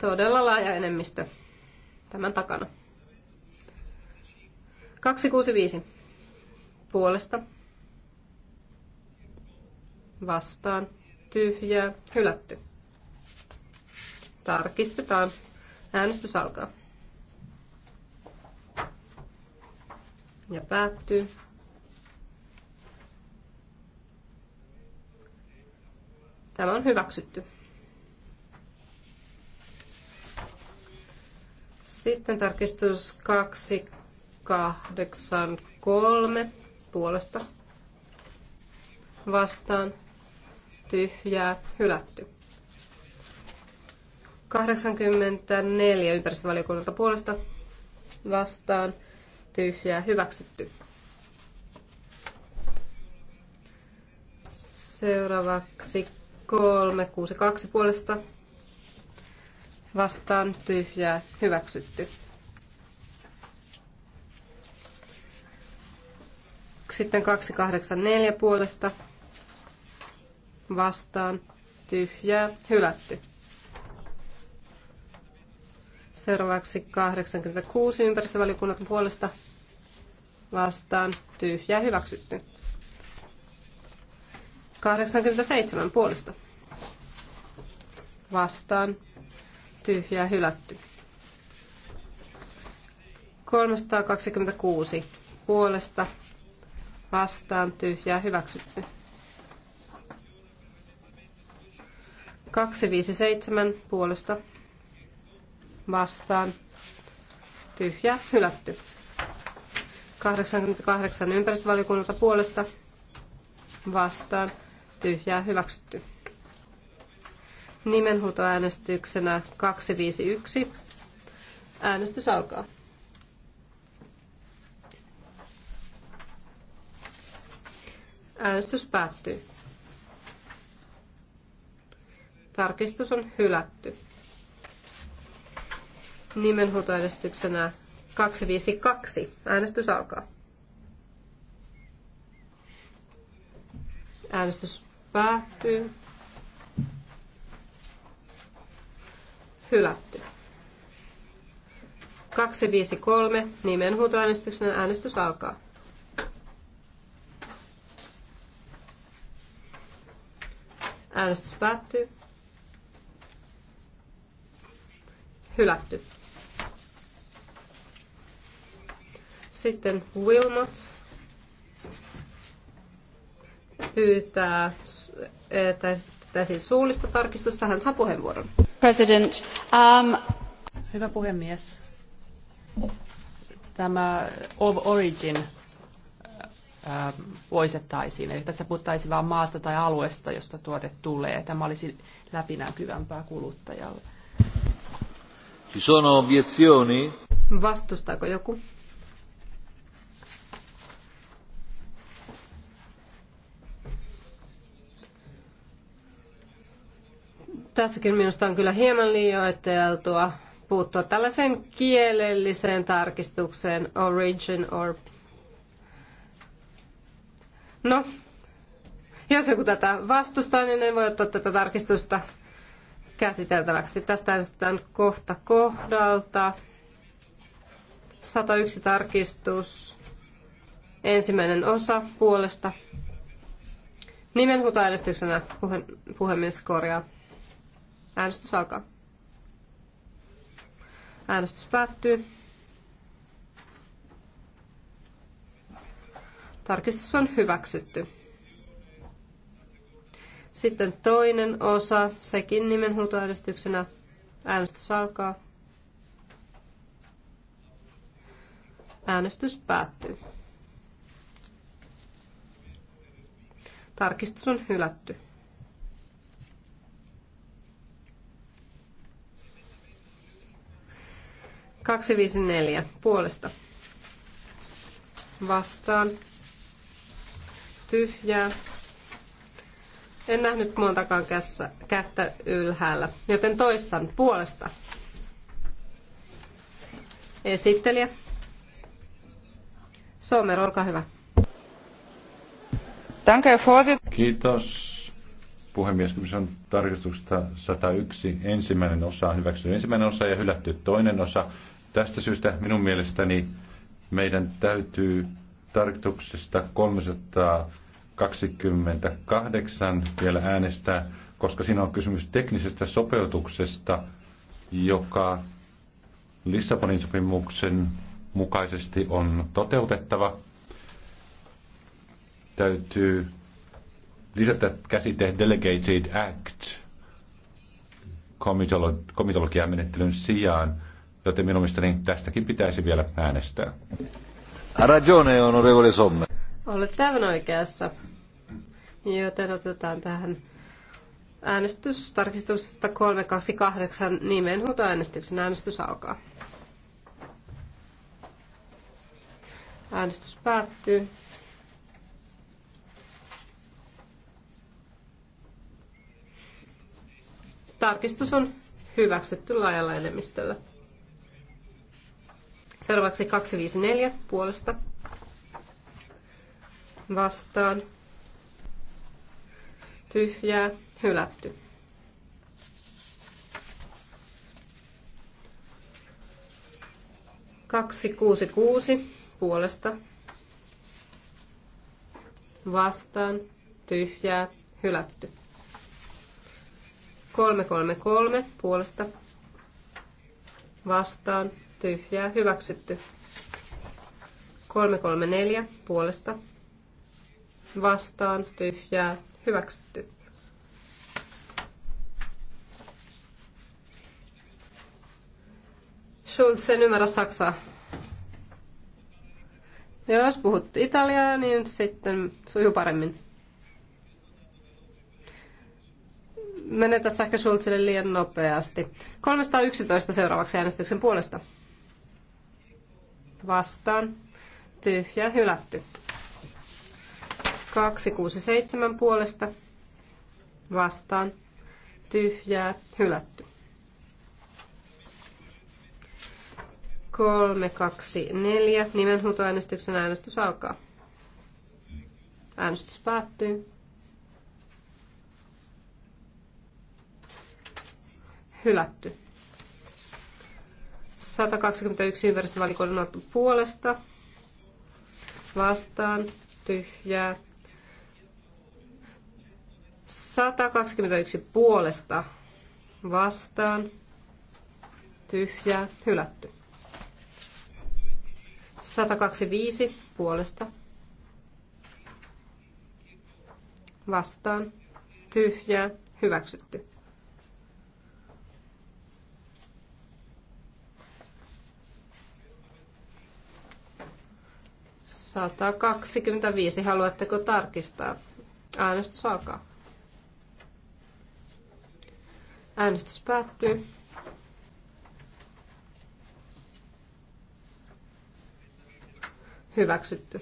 todella laaja enemmistö tämän takana. 265 puolesta vastaan tyhjää hylätty. Tarkistetaan. Äänestys alkaa. Ja päättyy. Tämä on hyväksytty. Sitten tarkistus 283 puolesta vastaan tyhjää hylätty. 84 ympäristövaliokunnalta puolesta vastaan tyhjää hyväksytty. Seuraavaksi 362 puolesta vastaan tyhjää hyväksytty. Sitten 284 puolesta vastaan tyhjää hylätty. Seuraavaksi 86 ympäristövaliokunnan puolesta vastaan tyhjää hyväksytty. 87 puolesta vastaan tyhjää hylätty. 326 puolesta vastaan tyhjää hyväksytty. 257 puolesta vastaan tyhjää hylätty. 88 ympäristövaliokunnalta puolesta vastaan tyhjää hyväksytty nimenhuutoäänestyksenä 251. Äänestys alkaa. Äänestys päättyy. Tarkistus on hylätty. Nimenhuutoäänestyksenä 252. Äänestys alkaa. Äänestys päättyy. hylätty. 253 nimenhuutoäänestyksen äänestys alkaa. Äänestys päättyy. Hylätty. Sitten Wilmot pyytää, tai siis suullista tarkistusta, hän saa puheenvuoron. President. Um, Hyvä puhemies. Tämä of origin ähm, poistettaisiin. Eli tässä puhuttaisiin vain maasta tai alueesta, josta tuote tulee. Tämä olisi läpinäkyvämpää kuluttajalle. Ci sono obiezioni? Vastustaako joku? Tässäkin minusta on kyllä hieman liioiteltua puuttua tällaiseen kielelliseen tarkistukseen origin or... No, jos joku tätä vastustaa, niin en voi ottaa tätä tarkistusta käsiteltäväksi. Tästä esitetään kohta kohdalta. 101 tarkistus. Ensimmäinen osa puolesta. Nimenhuutoäänestyksenä puhe, puhemies korjaa. Äänestys alkaa. Äänestys päättyy. Tarkistus on hyväksytty. Sitten toinen osa, sekin nimenhuutoäänestyksenä. Äänestys alkaa. Äänestys päättyy. Tarkistus on hylätty. 254 puolesta. Vastaan. Tyhjää. En nähnyt montakaan kässä, kättä ylhäällä, joten toistan puolesta. Esittelijä. Sommer, olkaa hyvä. Kiitos. Puhemies, on tarkistuksesta 101, ensimmäinen osa, hyväksytty ensimmäinen osa ja hylätty toinen osa Tästä syystä minun mielestäni meidän täytyy tarkoituksesta 328 vielä äänestää, koska siinä on kysymys teknisestä sopeutuksesta, joka Lissabonin sopimuksen mukaisesti on toteutettava. Täytyy lisätä käsite Delegated Act komitologian menettelyn sijaan – joten minun mielestäni tästäkin pitäisi vielä äänestää. Ragione, onorevole Somme. Olet aivan oikeassa. Joten otetaan tähän äänestys tarkistuksesta 328 nimenhuutoäänestyksen. Äänestys alkaa. Äänestys päättyy. Tarkistus on hyväksytty laajalla enemmistöllä. Seuraavaksi 254 puolesta vastaan. Tyhjää, hylätty. Kaksi kuusi kuusi puolesta vastaan, tyhjää, hylätty. kolme kolme kolme puolesta vastaan, tyhjää, hyväksytty. 334 puolesta vastaan, tyhjää, hyväksytty. Schulzen numero Saksa Jos puhut Italiaa, niin sitten sujuu paremmin. Menee tässä ehkä liian nopeasti. 311 seuraavaksi äänestyksen puolesta vastaan, tyhjä hylätty. 267 puolesta vastaan, tyhjää hylätty. 324 nimenhuutoäänestyksen äänestys alkaa. Äänestys päättyy. Hylätty. 121 ympäristövaliokunnan puolesta vastaan tyhjää. 121 puolesta vastaan tyhjää hylätty. 125 puolesta vastaan tyhjää hyväksytty. 125. Haluatteko tarkistaa? Äänestys alkaa. Äänestys päättyy. Hyväksytty.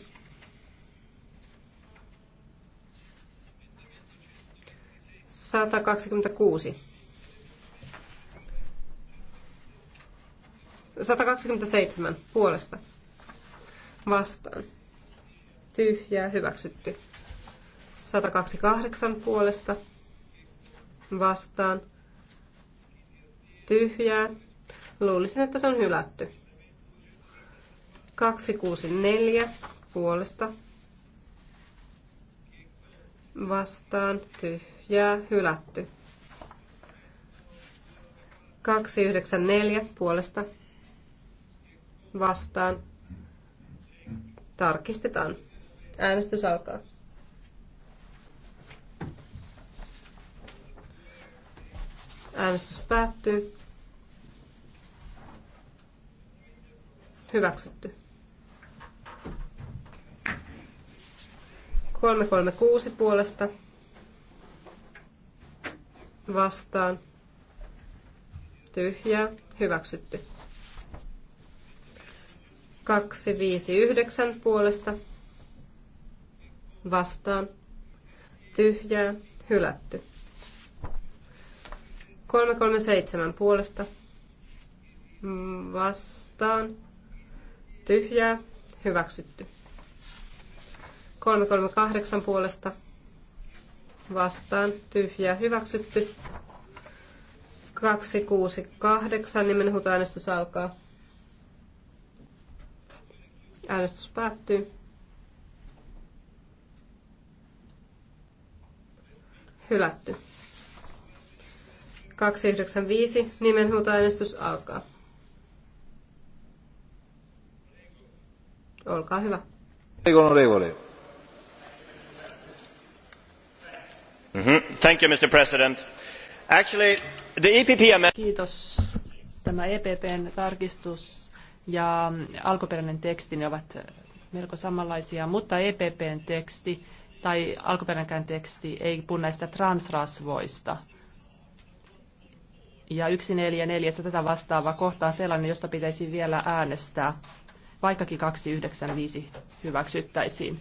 Sata kaksikymmentäkuusi. Sata kaksikymmentäseitsemän puolesta vastaan tyhjää hyväksytty. 128 puolesta vastaan tyhjää. Luulisin, että se on hylätty. 264 puolesta vastaan tyhjää hylätty. 294 puolesta vastaan tarkistetaan. Äänestys alkaa. Äänestys päättyy. Hyväksytty. 336 puolesta vastaan. Tyhjää. Hyväksytty. 259 puolesta vastaan, tyhjää, hylätty. 337 puolesta, vastaan, tyhjää, hyväksytty. 338 puolesta, vastaan, tyhjää, hyväksytty. 268, niin äänestys alkaa. Äänestys päättyy. hylätty. 295 nimenhuutoäänestys alkaa. Olkaa hyvä. Onorevole. Mm-hmm. Thank you, Mr. President. Actually, the EPP... Kiitos. Tämä EPPn tarkistus ja alkuperäinen teksti ne ovat melko samanlaisia, mutta EPPn teksti tai alkuperäinen teksti ei puhu näistä transrasvoista. Ja 144 tätä vastaava kohta on sellainen, josta pitäisi vielä äänestää, vaikkakin 295 hyväksyttäisiin.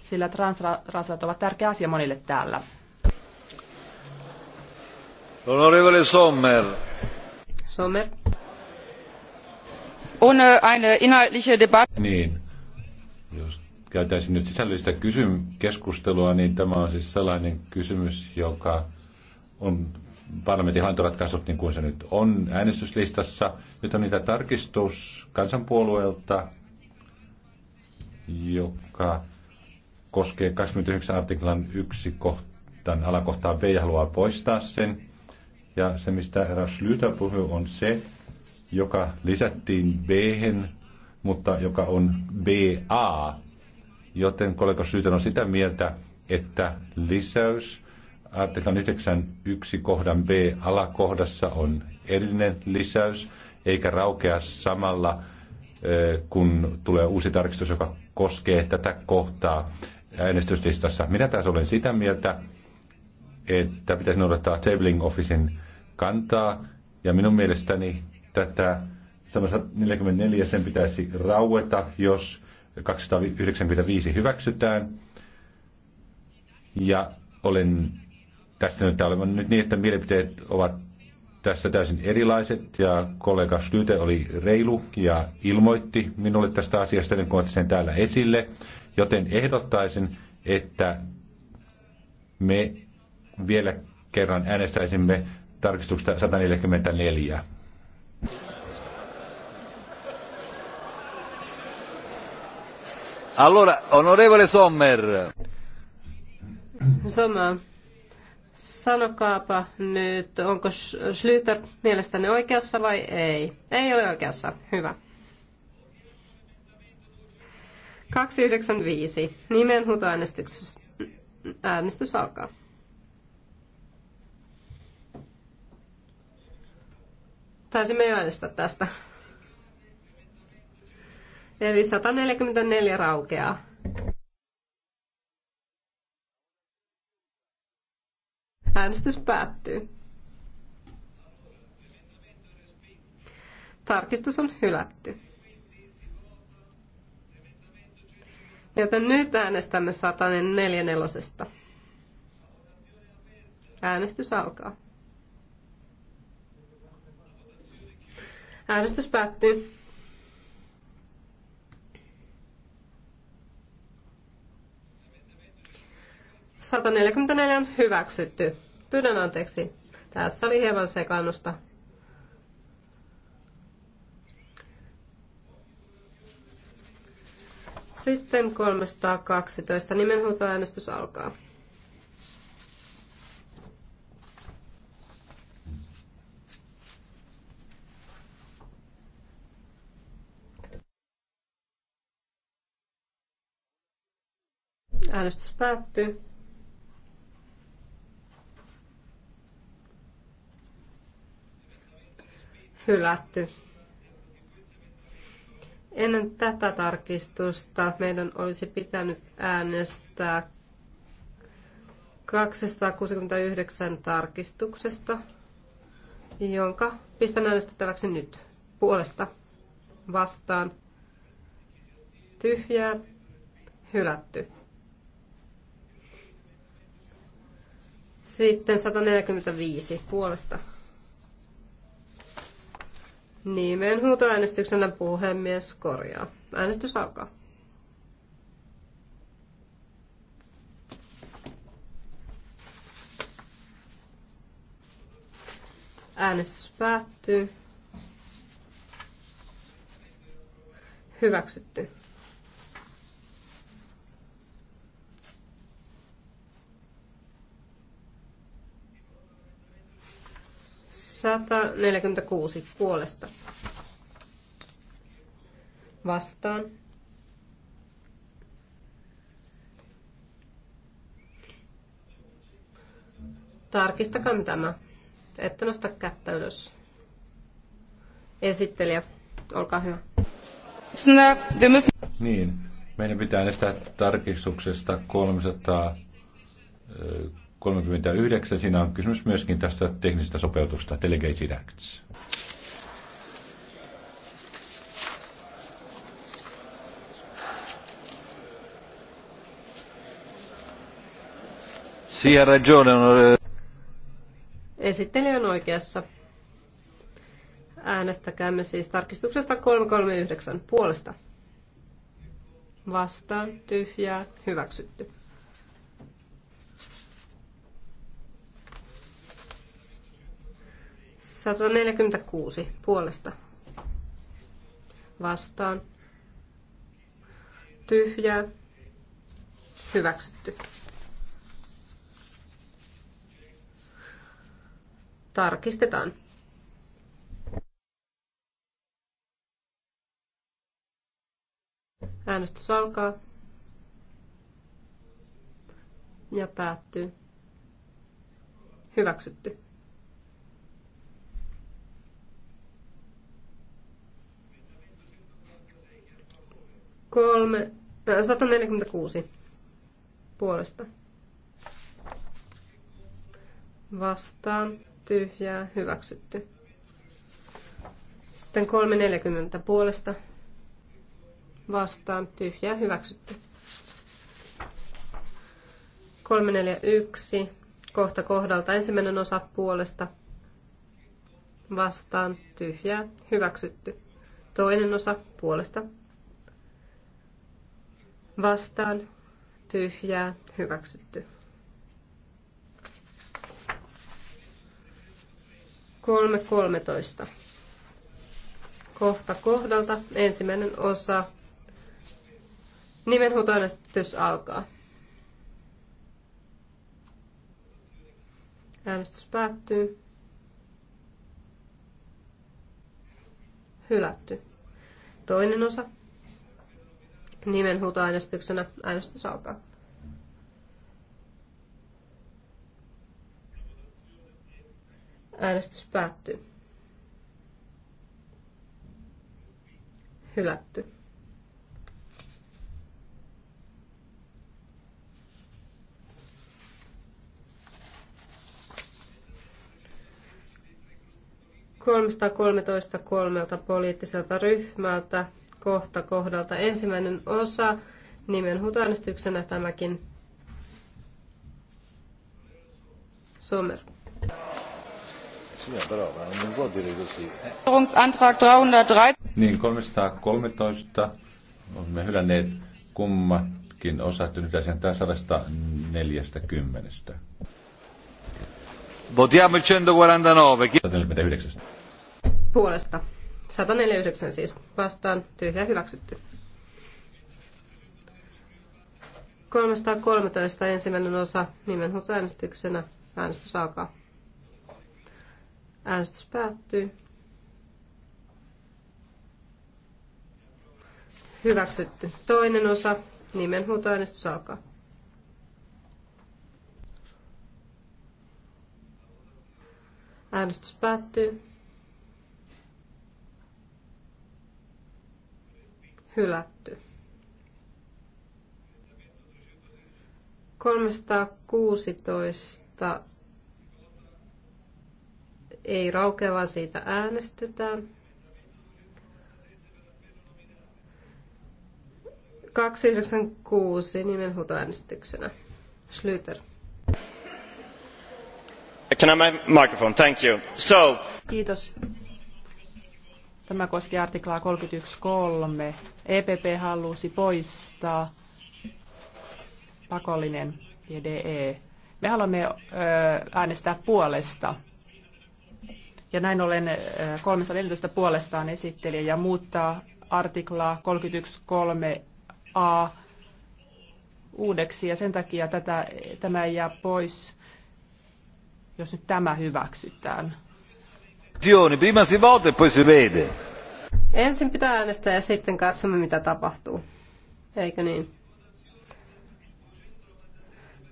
Sillä transrasvat ovat tärkeä asia monille täällä. Honorable Sommer. Sommer. Ohne eine inhaltliche Debatte. Niin, käytäisiin nyt sisällistä kysym- keskustelua, niin tämä on siis sellainen kysymys, joka on parlamentin hallintoratkaisut niin kuin se nyt on äänestyslistassa. Nyt on niitä tarkistus kansanpuolueelta, joka koskee 29 artiklan yksi kohtaan alakohtaa B ja haluaa poistaa sen. Ja se, mistä eräs Schlüter puhui, on se, joka lisättiin b mutta joka on BA, joten kollega Syytön on sitä mieltä, että lisäys artiklan 9.1 kohdan B alakohdassa on erillinen lisäys, eikä raukea samalla, kun tulee uusi tarkistus, joka koskee tätä kohtaa äänestyslistassa. Minä taas olen sitä mieltä, että pitäisi noudattaa Tabling Officein kantaa, ja minun mielestäni tätä samassa sen pitäisi raueta, jos 295 hyväksytään. Ja olen tästä nyt olevan nyt niin, että mielipiteet ovat tässä täysin erilaiset ja kollega Slyte oli reilu ja ilmoitti minulle tästä asiasta, niin kun sen täällä esille, joten ehdottaisin, että me vielä kerran äänestäisimme tarkistuksesta 144. Allora, onorevole Sommer. Sommer, sanokaapa nyt, onko Schlüter mielestäni oikeassa vai ei? Ei ole oikeassa. Hyvä. 295. Nimenhuutoäänestys äänestys alkaa. Taisimme jo äänestää tästä. Eli 144 raukeaa. Äänestys päättyy. Tarkistus on hylätty. Joten nyt äänestämme nelosesta. Äänestys alkaa. Äänestys päättyy. 144 hyväksytty. Pyydän anteeksi. Tässä oli hieman sekannusta. Sitten 312 nimenhuutoäänestys alkaa. Äänestys päättyy. hylätty. Ennen tätä tarkistusta meidän olisi pitänyt äänestää 269 tarkistuksesta, jonka pistän äänestettäväksi nyt puolesta vastaan tyhjää hylätty. Sitten 145 puolesta Nimen äänestyksenä puhemies korjaa. Äänestys alkaa. Äänestys päättyy. Hyväksytty. 146 puolesta. Vastaan. Tarkistakaa tämä. että nosta kättä ylös. Esittelijä, olkaa hyvä. Niin, meidän pitää näistä tarkistuksesta 300 39. Siinä on kysymys myöskin tästä teknisestä sopeutusta, Delegated Acts. Siinä ragione on... Esittelijä on oikeassa. Äänestäkäämme siis tarkistuksesta 339 puolesta. Vastaan, tyhjää, hyväksytty. 146 puolesta. Vastaan. Tyhjää. Hyväksytty. Tarkistetaan. Äänestys alkaa ja päättyy. Hyväksytty. kolme 3, äh, 146 puolesta. Vastaan, tyhjää, hyväksytty. Sitten 340 puolesta. Vastaan, tyhjää, hyväksytty. 341 kohta kohdalta ensimmäinen osa puolesta. Vastaan, tyhjää, hyväksytty. Toinen osa puolesta vastaan tyhjää hyväksytty. kolme kolmetoista. Kohta kohdalta ensimmäinen osa. Nimenhuutoäänestys alkaa. Äänestys päättyy. Hylätty. Toinen osa. Nimenhuutoäänestyksenä äänestys alkaa. Äänestys päättyy. Hylätty. kolmesta kolmetoista kolmelta poliittiselta ryhmältä kohta kohdalta. Ensimmäinen osa nimenhuutoäänestyksenä tämäkin. Sommer. Niin, 313 olemme hylänneet kummatkin osat yhtäisen tämä 140. Votiamo 149. Puolesta. 149 siis vastaan tyhjä hyväksytty. 313 ensimmäinen osa äänestyksenä. Äänestys alkaa. Äänestys päättyy. Hyväksytty. Toinen osa. äänestys alkaa. Äänestys päättyy. hylätty. 316 ei raukea, vaan siitä äänestetään. 296 nimenhuutoäänestyksenä. Schlüter. Can I microphone? Thank you. So... Kiitos. Tämä koskee artiklaa 31.3 EPP halusi poistaa pakollinen PDE. Me haluamme äänestää puolesta. Ja näin ollen 314 puolestaan esittelijä ja muuttaa artiklaa 31.3a uudeksi ja sen takia tätä, tämä ei jää pois, jos nyt tämä hyväksytään. Prima si vota e poi si vede. Ensin pitää äänestää ja sitten katsomme, mitä tapahtuu. Eikö niin?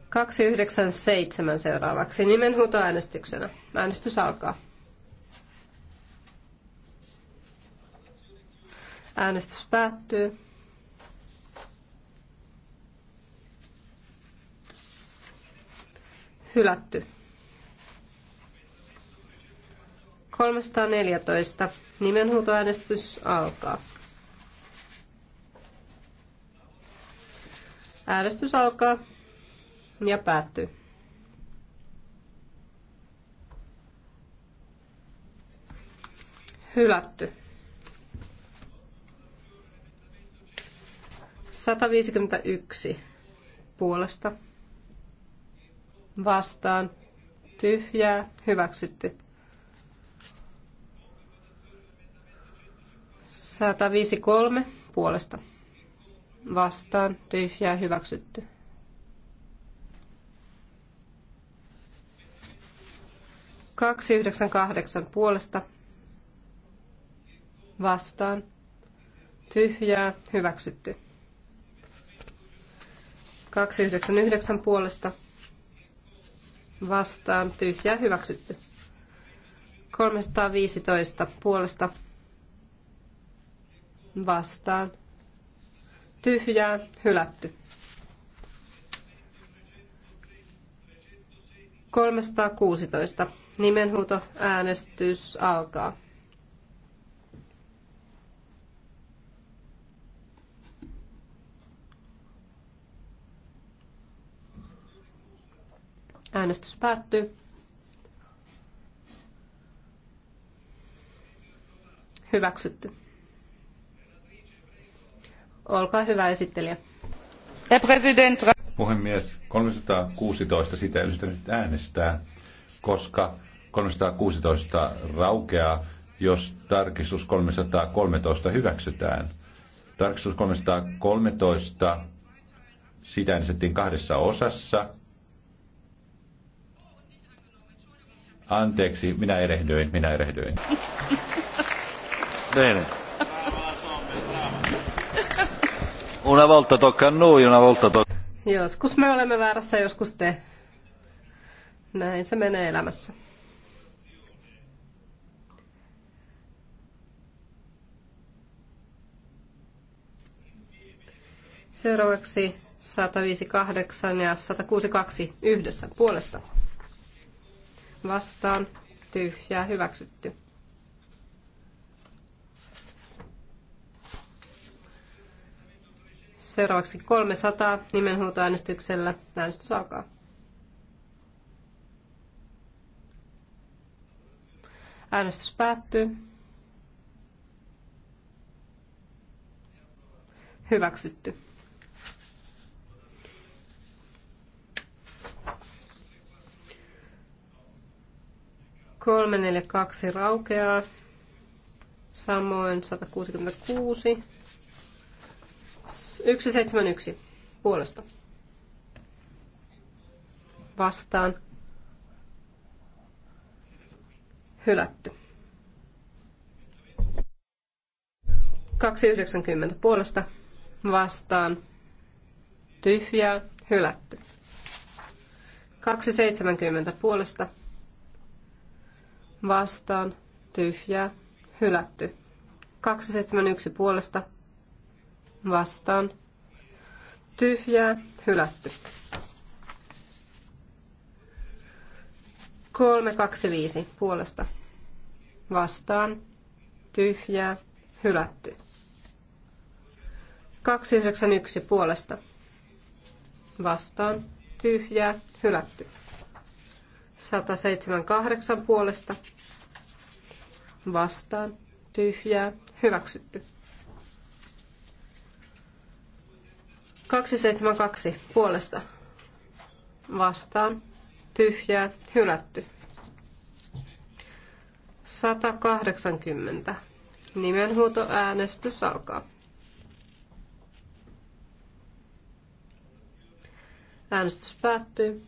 297 seuraavaksi nimenhuutoäänestyksenä. Äänestys alkaa. Äänestys päättyy. Hylätty. 314. Nimenhuutoäänestys alkaa. Äänestys alkaa ja päättyy. Hylätty. 151 puolesta vastaan tyhjää hyväksytty. 153 puolesta vastaan tyhjää hyväksytty. Kaksi yhdeksän kahdeksan puolesta vastaan tyhjää hyväksytty. 299 puolesta vastaan tyhjää hyväksytty. 315 puolesta vastaan tyhjää hylätty. 316. Nimenhuuto äänestys alkaa. Äänestys päättyy. Hyväksytty. Olkaa hyvä esittelijä. Puhemies, 316 sitä ei olisi äänestää, koska 316 raukeaa, jos tarkistus 313 hyväksytään. Tarkistus 313, sitä äänestettiin kahdessa osassa. Anteeksi, minä erehdyin, minä erehdyin. Bene. Una volta tocca a noi, una volta tocca... Joskus me olemme väärässä, joskus te. Näin se menee elämässä. Seuraavaksi 158 ja 162 yhdessä puolesta. Vastaan tyhjää hyväksytty. Seuraavaksi 300 nimenhuutoäänestyksellä. Äänestys alkaa. Äänestys päättyy. Hyväksytty. Kolme, neljä, kaksi raukeaa. Samoin 166. 171 puolesta. Vastaan. Hylätty. 290 puolesta. Vastaan. Tyhjää. Hylätty. 270 puolesta. Vastaan. Tyhjää. Hylätty. 271 puolesta vastaan, tyhjää, hylätty. 325 puolesta vastaan, tyhjää, hylätty. 291 puolesta vastaan, tyhjää, hylätty. 178 puolesta vastaan, tyhjää, hyväksytty. 272 puolesta vastaan tyhjää hylätty. 180. Nimenhuutoäänestys alkaa. Äänestys päättyy.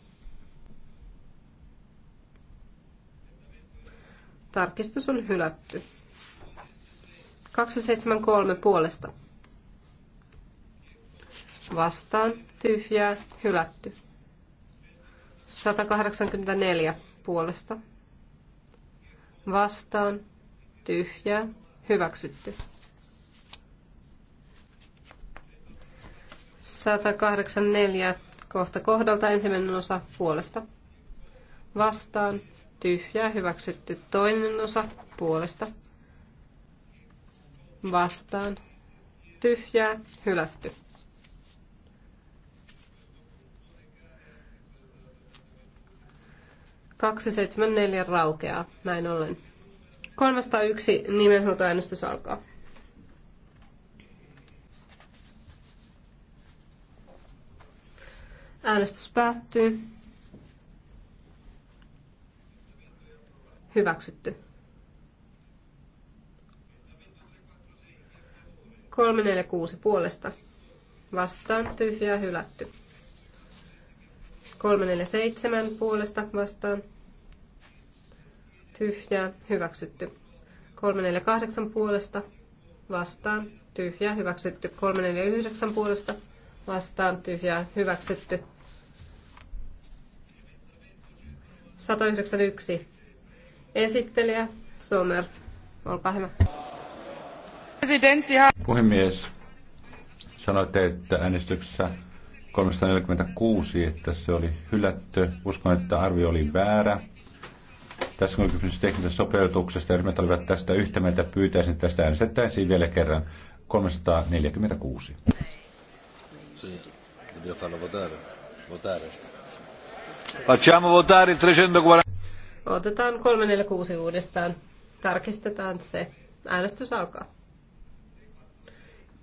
Tarkistus on hylätty. 273 puolesta vastaan tyhjää hylätty. 184 puolesta vastaan tyhjää hyväksytty. 184 kohta kohdalta ensimmäinen osa puolesta vastaan tyhjää hyväksytty toinen osa puolesta vastaan tyhjää hylätty. 274 raukeaa, näin ollen. 301 nimenhuutoäänestys alkaa. Äänestys päättyy. Hyväksytty. 346 puolesta. Vastaan tyhjää hylätty. 347 puolesta vastaan. Tyhjää. Hyväksytty. 348 puolesta vastaan. Tyhjää. Hyväksytty. 349 puolesta vastaan. Tyhjää. Hyväksytty. 191. Esittelijä Sommer. Olkaa hyvä. Puhemies, sanoitte, että äänestyksessä 346, että se oli hylätty. Uskon, että arvio oli väärä. Tässä on kysymys teknisestä sopeutuksesta. ryhmät olivat tästä yhtä mieltä. Pyytäisin, että tästä äänestettäisiin vielä kerran. 346. Otetaan 346 uudestaan. Tarkistetaan se. Äänestys alkaa.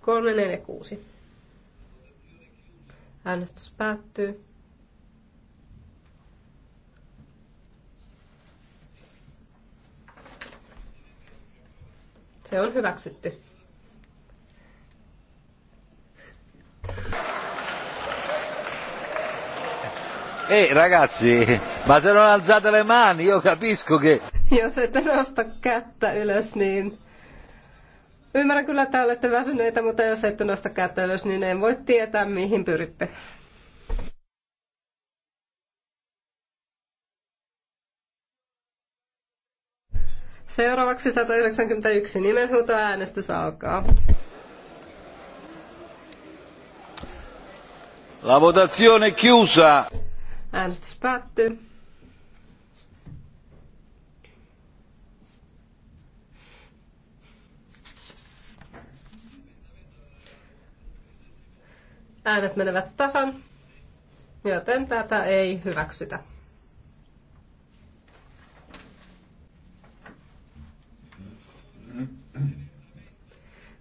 346. Äänestys päättyy. Se on hyväksytty. Ei ragazzi, ma se non alzate le mani, io capisco che... Jos ette nosta kättä ylös, niin Ymmärrän kyllä, että olette väsyneitä, mutta jos ette nosta kättä ylös, niin en voi tietää, mihin pyritte. Seuraavaksi 191 nimenhuuto äänestys alkaa. La votazione chiusa. Äänestys päättyy. Äänet menevät tasan, joten tätä ei hyväksytä.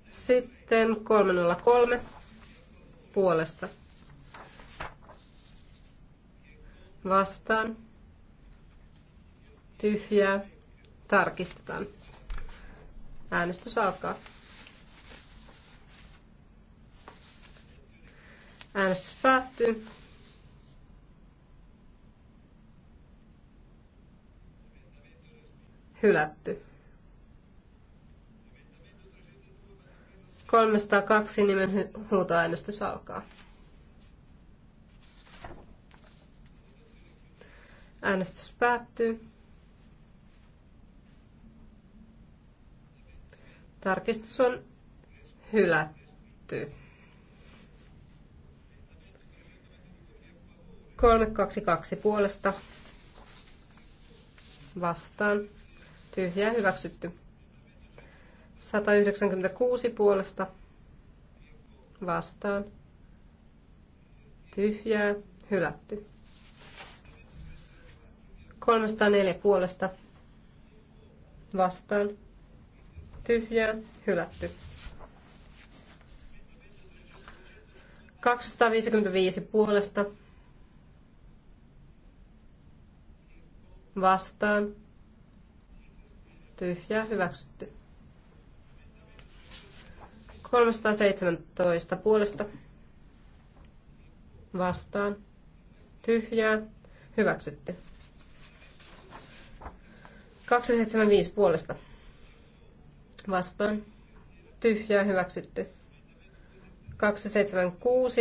Sitten 303 puolesta. Vastaan. Tyhjää. Tarkistetaan. Äänestys alkaa. Äänestys päättyy. Hylätty. 302 nimen huutoäänestys alkaa. Äänestys päättyy. Tarkistus on hylätty. 322 puolesta vastaan. Tyhjää hyväksytty. 196 puolesta vastaan. Tyhjää hylätty. 304 puolesta vastaan. Tyhjää hylätty. 255 puolesta vastaan, tyhjä hyväksytty. 317 puolesta vastaan, tyhjää, hyväksytty. 275 puolesta vastaan, tyhjää, hyväksytty. 276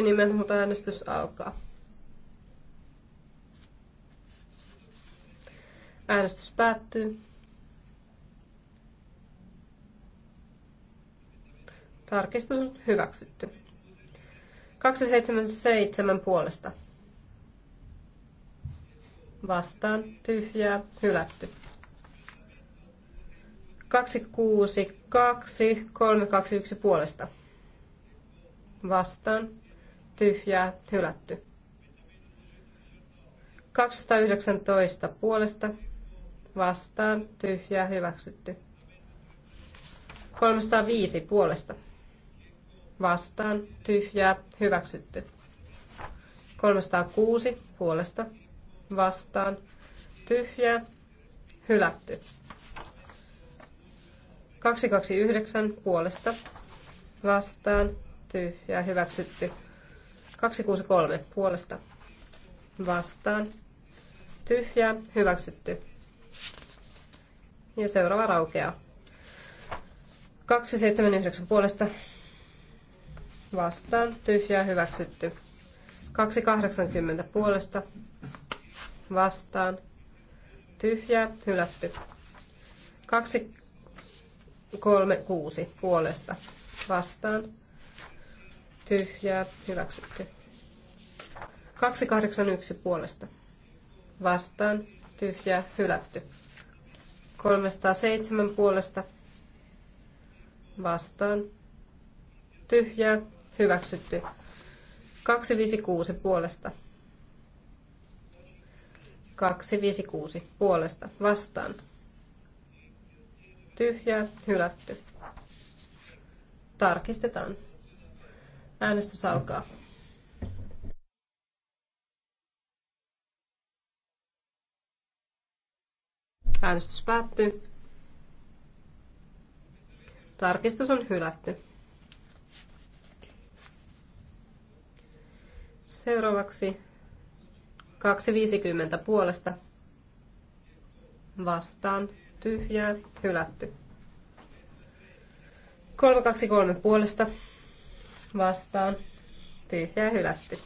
äänestys alkaa. Äänestys päättyy. Tarkistus on hyväksytty. 277 puolesta. Vastaan. Tyhjää. Hylätty. 262 321 puolesta. Vastaan. Tyhjää. Hylätty. 219 puolesta vastaan tyhjä, hyväksytty. 305 puolesta vastaan tyhjää hyväksytty. 306 puolesta vastaan tyhjää hylätty. 229 puolesta vastaan tyhjää hyväksytty. 263 puolesta vastaan tyhjää hyväksytty. Ja seuraava raukeaa. 279 puolesta vastaan tyhjää hyväksytty. 280 puolesta vastaan tyhjää hylätty. 236 puolesta vastaan tyhjää hyväksytty. 281 puolesta vastaan tyhjää hylätty. 307 puolesta vastaan tyhjää hyväksytty. 256 puolesta. 256 puolesta vastaan. Tyhjää hylätty. Tarkistetaan. Äänestys alkaa. Äänestys päättyy. Tarkistus on hylätty. Seuraavaksi 250 puolesta vastaan tyhjää hylätty. 323 puolesta vastaan tyhjää hylätty.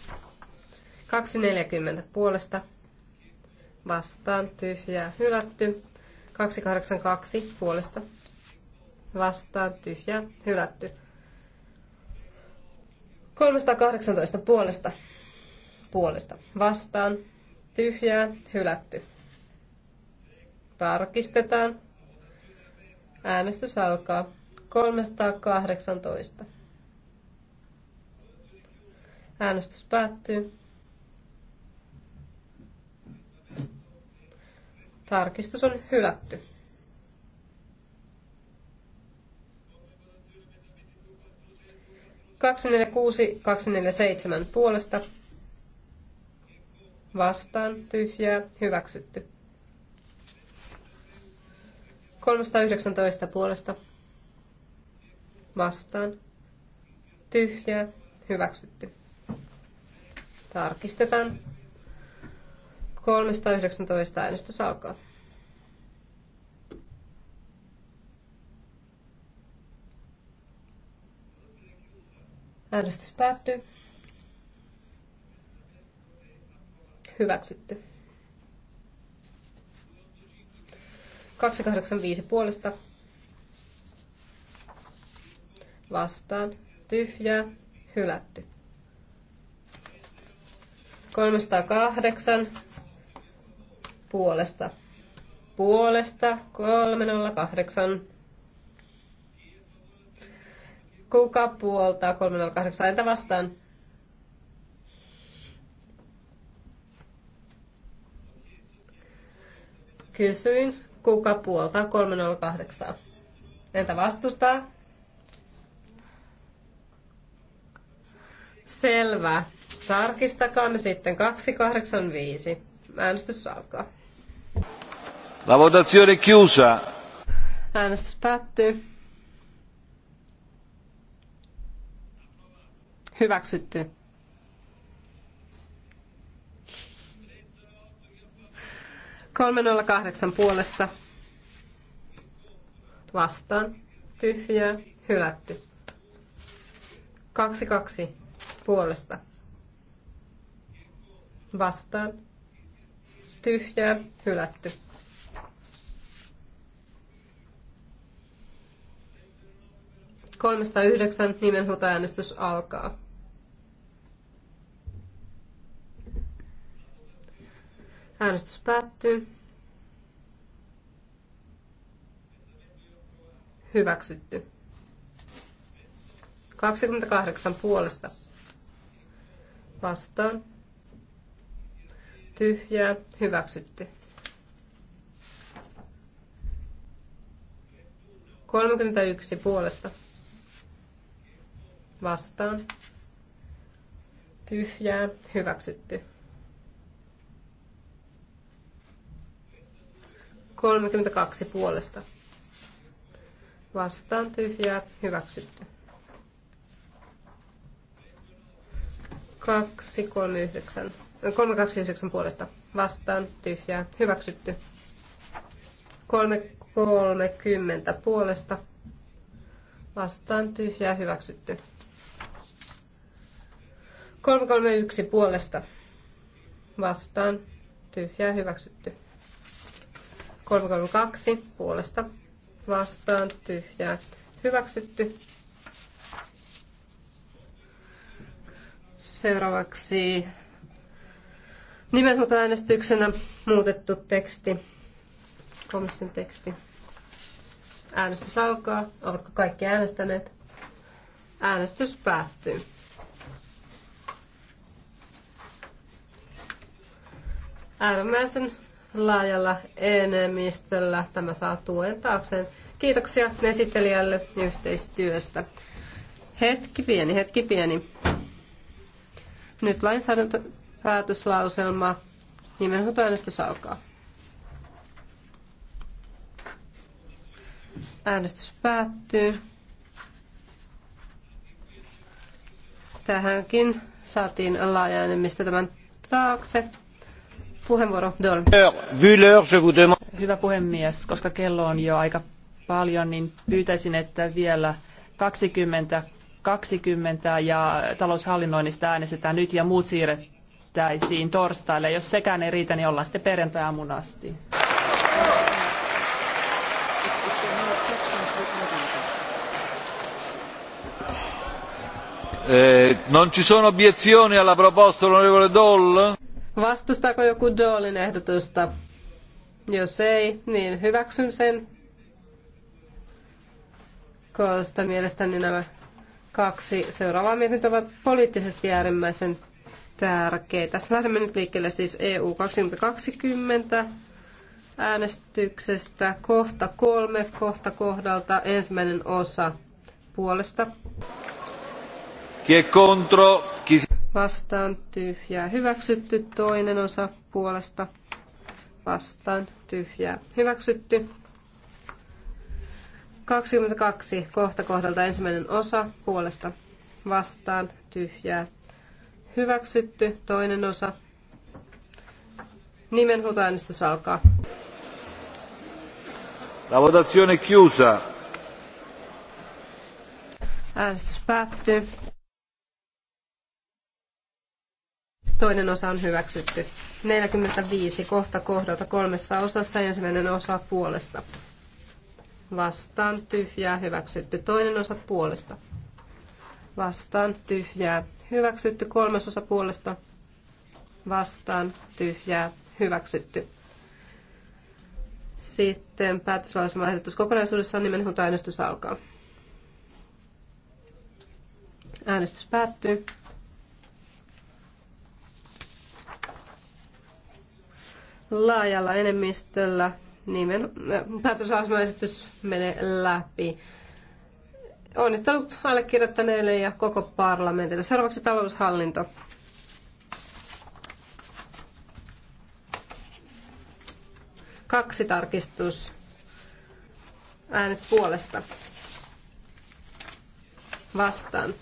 240 puolesta vastaan tyhjää hylätty. 282 puolesta vastaan tyhjää hylätty. 318 puolesta puolesta vastaan tyhjää hylätty. Tarkistetaan. Äänestys alkaa. 318. Äänestys päättyy. Tarkistus on hylätty. Kaksi neljä kuusi, kaksi neljä seitsemän puolesta. Vastaan, tyhjää, hyväksytty. 319 puolesta. Vastaan. Tyhjää. Hyväksytty. Tarkistetaan. 319 äänestys alkaa. Äänestys päättyy. Hyväksytty. 285 puolesta. Vastaan. Tyhjää. Hylätty. 308 puolesta. Puolesta 308. Kuka puoltaa 308? Entä vastaan? Kysyin, kuka puoltaa 308? Entä vastustaa? Selvä. Tarkistakaa me sitten 285. Äänestys alkaa. La votazione chiusa. Äänestys päättyy. Hyväksytty. Kolme nolla kahdeksan puolesta. Vastaan. Tyhjää. Hylätty. Kaksi kaksi puolesta. Vastaan. Tyhjää. Hylätty. 309 nimenhuutoäänestys alkaa. Äänestys päättyy. Hyväksytty. 28 puolesta. Vastaan. Tyhjää. Hyväksytty. 31 puolesta vastaan. Tyhjää, hyväksytty. 32 puolesta. Vastaan tyhjää, hyväksytty. 2, 3, 239, 329 puolesta. Vastaan tyhjää, hyväksytty. 330 puolesta. Vastaan tyhjää, hyväksytty. 331 puolesta vastaan tyhjää hyväksytty. 332 puolesta vastaan tyhjää hyväksytty. Seuraavaksi nimenhuutoäänestyksenä muutettu teksti, komission teksti. Äänestys alkaa. Ovatko kaikki äänestäneet? Äänestys päättyy. äärimmäisen laajalla enemmistöllä tämä saa tuen taakseen. Kiitoksia esittelijälle yhteistyöstä. Hetki pieni, hetki pieni. Nyt lainsäädäntöpäätöslauselma. Nimenhuutoäänestys alkaa. Äänestys päättyy. Tähänkin saatiin laaja enemmistö tämän taakse. Puheenvuoro Döl. Hyvä puhemies, koska kello on jo aika paljon, niin pyytäisin, että vielä 20 20 ja taloushallinnoinnista äänestetään nyt ja muut siirrettäisiin torstaille. Jos sekään ei riitä, niin ollaan sitten perjantai-aamun asti. Eh, non ci sono obiezioni alla proposta, dell'onorevole Doll? Vastustaako joku Doolin ehdotusta? Jos ei, niin hyväksyn sen, koska mielestäni nämä kaksi seuraavaa mietintöä ovat poliittisesti äärimmäisen tärkeitä. Tässä lähdemme nyt liikkeelle siis EU 2020 äänestyksestä kohta kolme, kohta kohdalta ensimmäinen osa puolesta. Chi contro, chi vastaan tyhjää hyväksytty, toinen osa puolesta vastaan tyhjää hyväksytty. 22 kohta kohdalta ensimmäinen osa puolesta vastaan tyhjää hyväksytty, toinen osa nimenhuutoäänestys alkaa. La votazione chiusa. Äänestys päättyy. Toinen osa on hyväksytty. 45 kohta kohdalta kolmessa osassa. Ensimmäinen osa puolesta. Vastaan tyhjää hyväksytty. Toinen osa puolesta. Vastaan tyhjää hyväksytty. Kolmas osa puolesta. Vastaan tyhjää hyväksytty. Sitten päätöslausumaehdotus kokonaisuudessaan nimenhuutoäänestys alkaa. Äänestys päättyy. laajalla enemmistöllä nimen, äh, päätösasmaesitys menee läpi. Onnittelut allekirjoittaneille ja koko parlamentille. Seuraavaksi taloushallinto. Kaksi tarkistus. Äänet puolesta. Vastaan.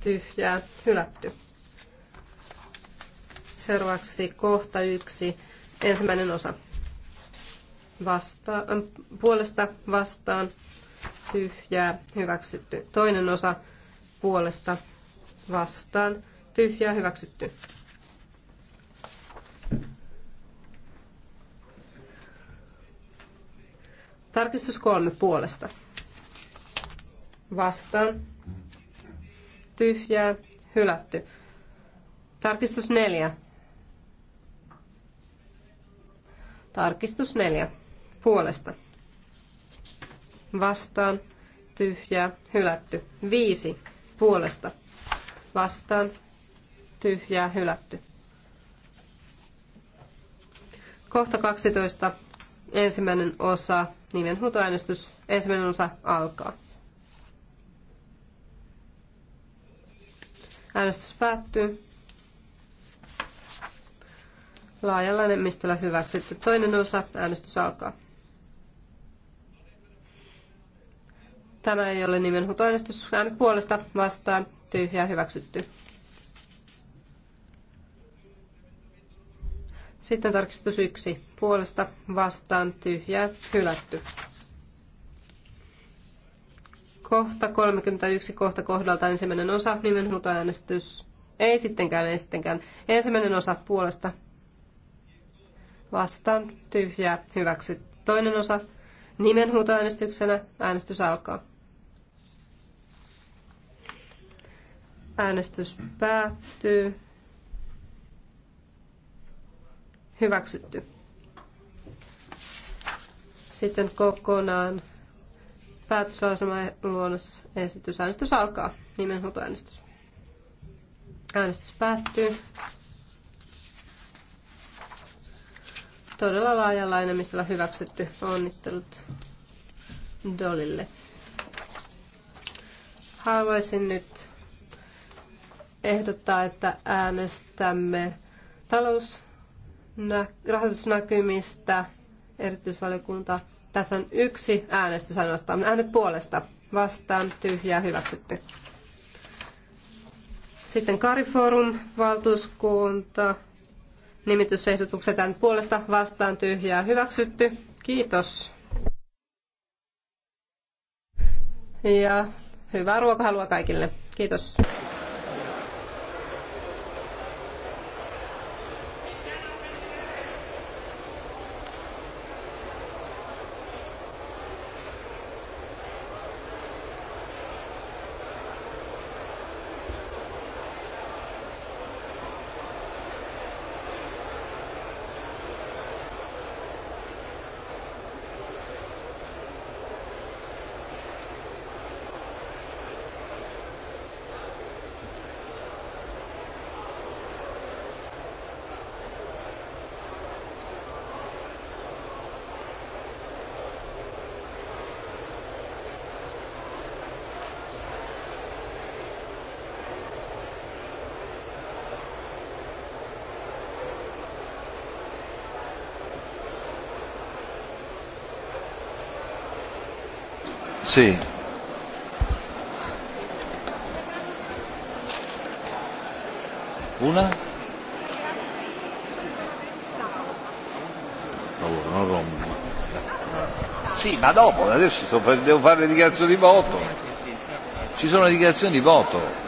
Tyhjää. Hylätty. Seuraavaksi kohta yksi, ensimmäinen osa. Vasta, puolesta vastaan, tyhjää, hyväksytty. Toinen osa, puolesta vastaan, tyhjää, hyväksytty. Tarkistus kolme puolesta. Vastaan. Tyhjää. Hylätty. Tarkistus neljä Tarkistus neljä. Puolesta. Vastaan. Tyhjää. Hylätty. Viisi. Puolesta. Vastaan. Tyhjää. Hylätty. Kohta 12. Ensimmäinen osa. Nimenhuutoäänestys. Ensimmäinen osa alkaa. Äänestys päättyy. Laajalla enemmistöllä hyväksytty. Toinen osa. Äänestys alkaa. Tämä ei ole nimenhuutoäänestys. Äänet puolesta vastaan. Tyhjää hyväksytty. Sitten tarkistus yksi. Puolesta vastaan tyhjää hylätty. Kohta 31 kohta kohdalta ensimmäinen osa nimenhuutoäänestys. Ei sittenkään, ei sittenkään. Ensimmäinen osa puolesta vastaan tyhjää hyväksyt Toinen osa nimenhuutoäänestyksenä äänestys alkaa. Äänestys päättyy. Hyväksytty. Sitten kokonaan luonnos esitys. Äänestys alkaa. Nimenhuutoäänestys. Äänestys päättyy. todella laajalla enemmistöllä hyväksytty. Onnittelut Dolille. Haluaisin nyt ehdottaa, että äänestämme talous rahoitusnäkymistä erityisvaliokunta. Tässä on yksi äänestys ainoastaan. Äänet puolesta vastaan tyhjää hyväksytty. Sitten Kariforum, valtuuskunta, Nimitysehdotukset ään puolesta vastaan tyhjää hyväksytty. Kiitos. Ja hyvää ruokahalua kaikille. Kiitos. Sí. Una. Favore, no, non rompo. No. Sì, ma dopo, adesso devo fare le dichiarazioni di voto. Ci sono le dichiarazioni di voto.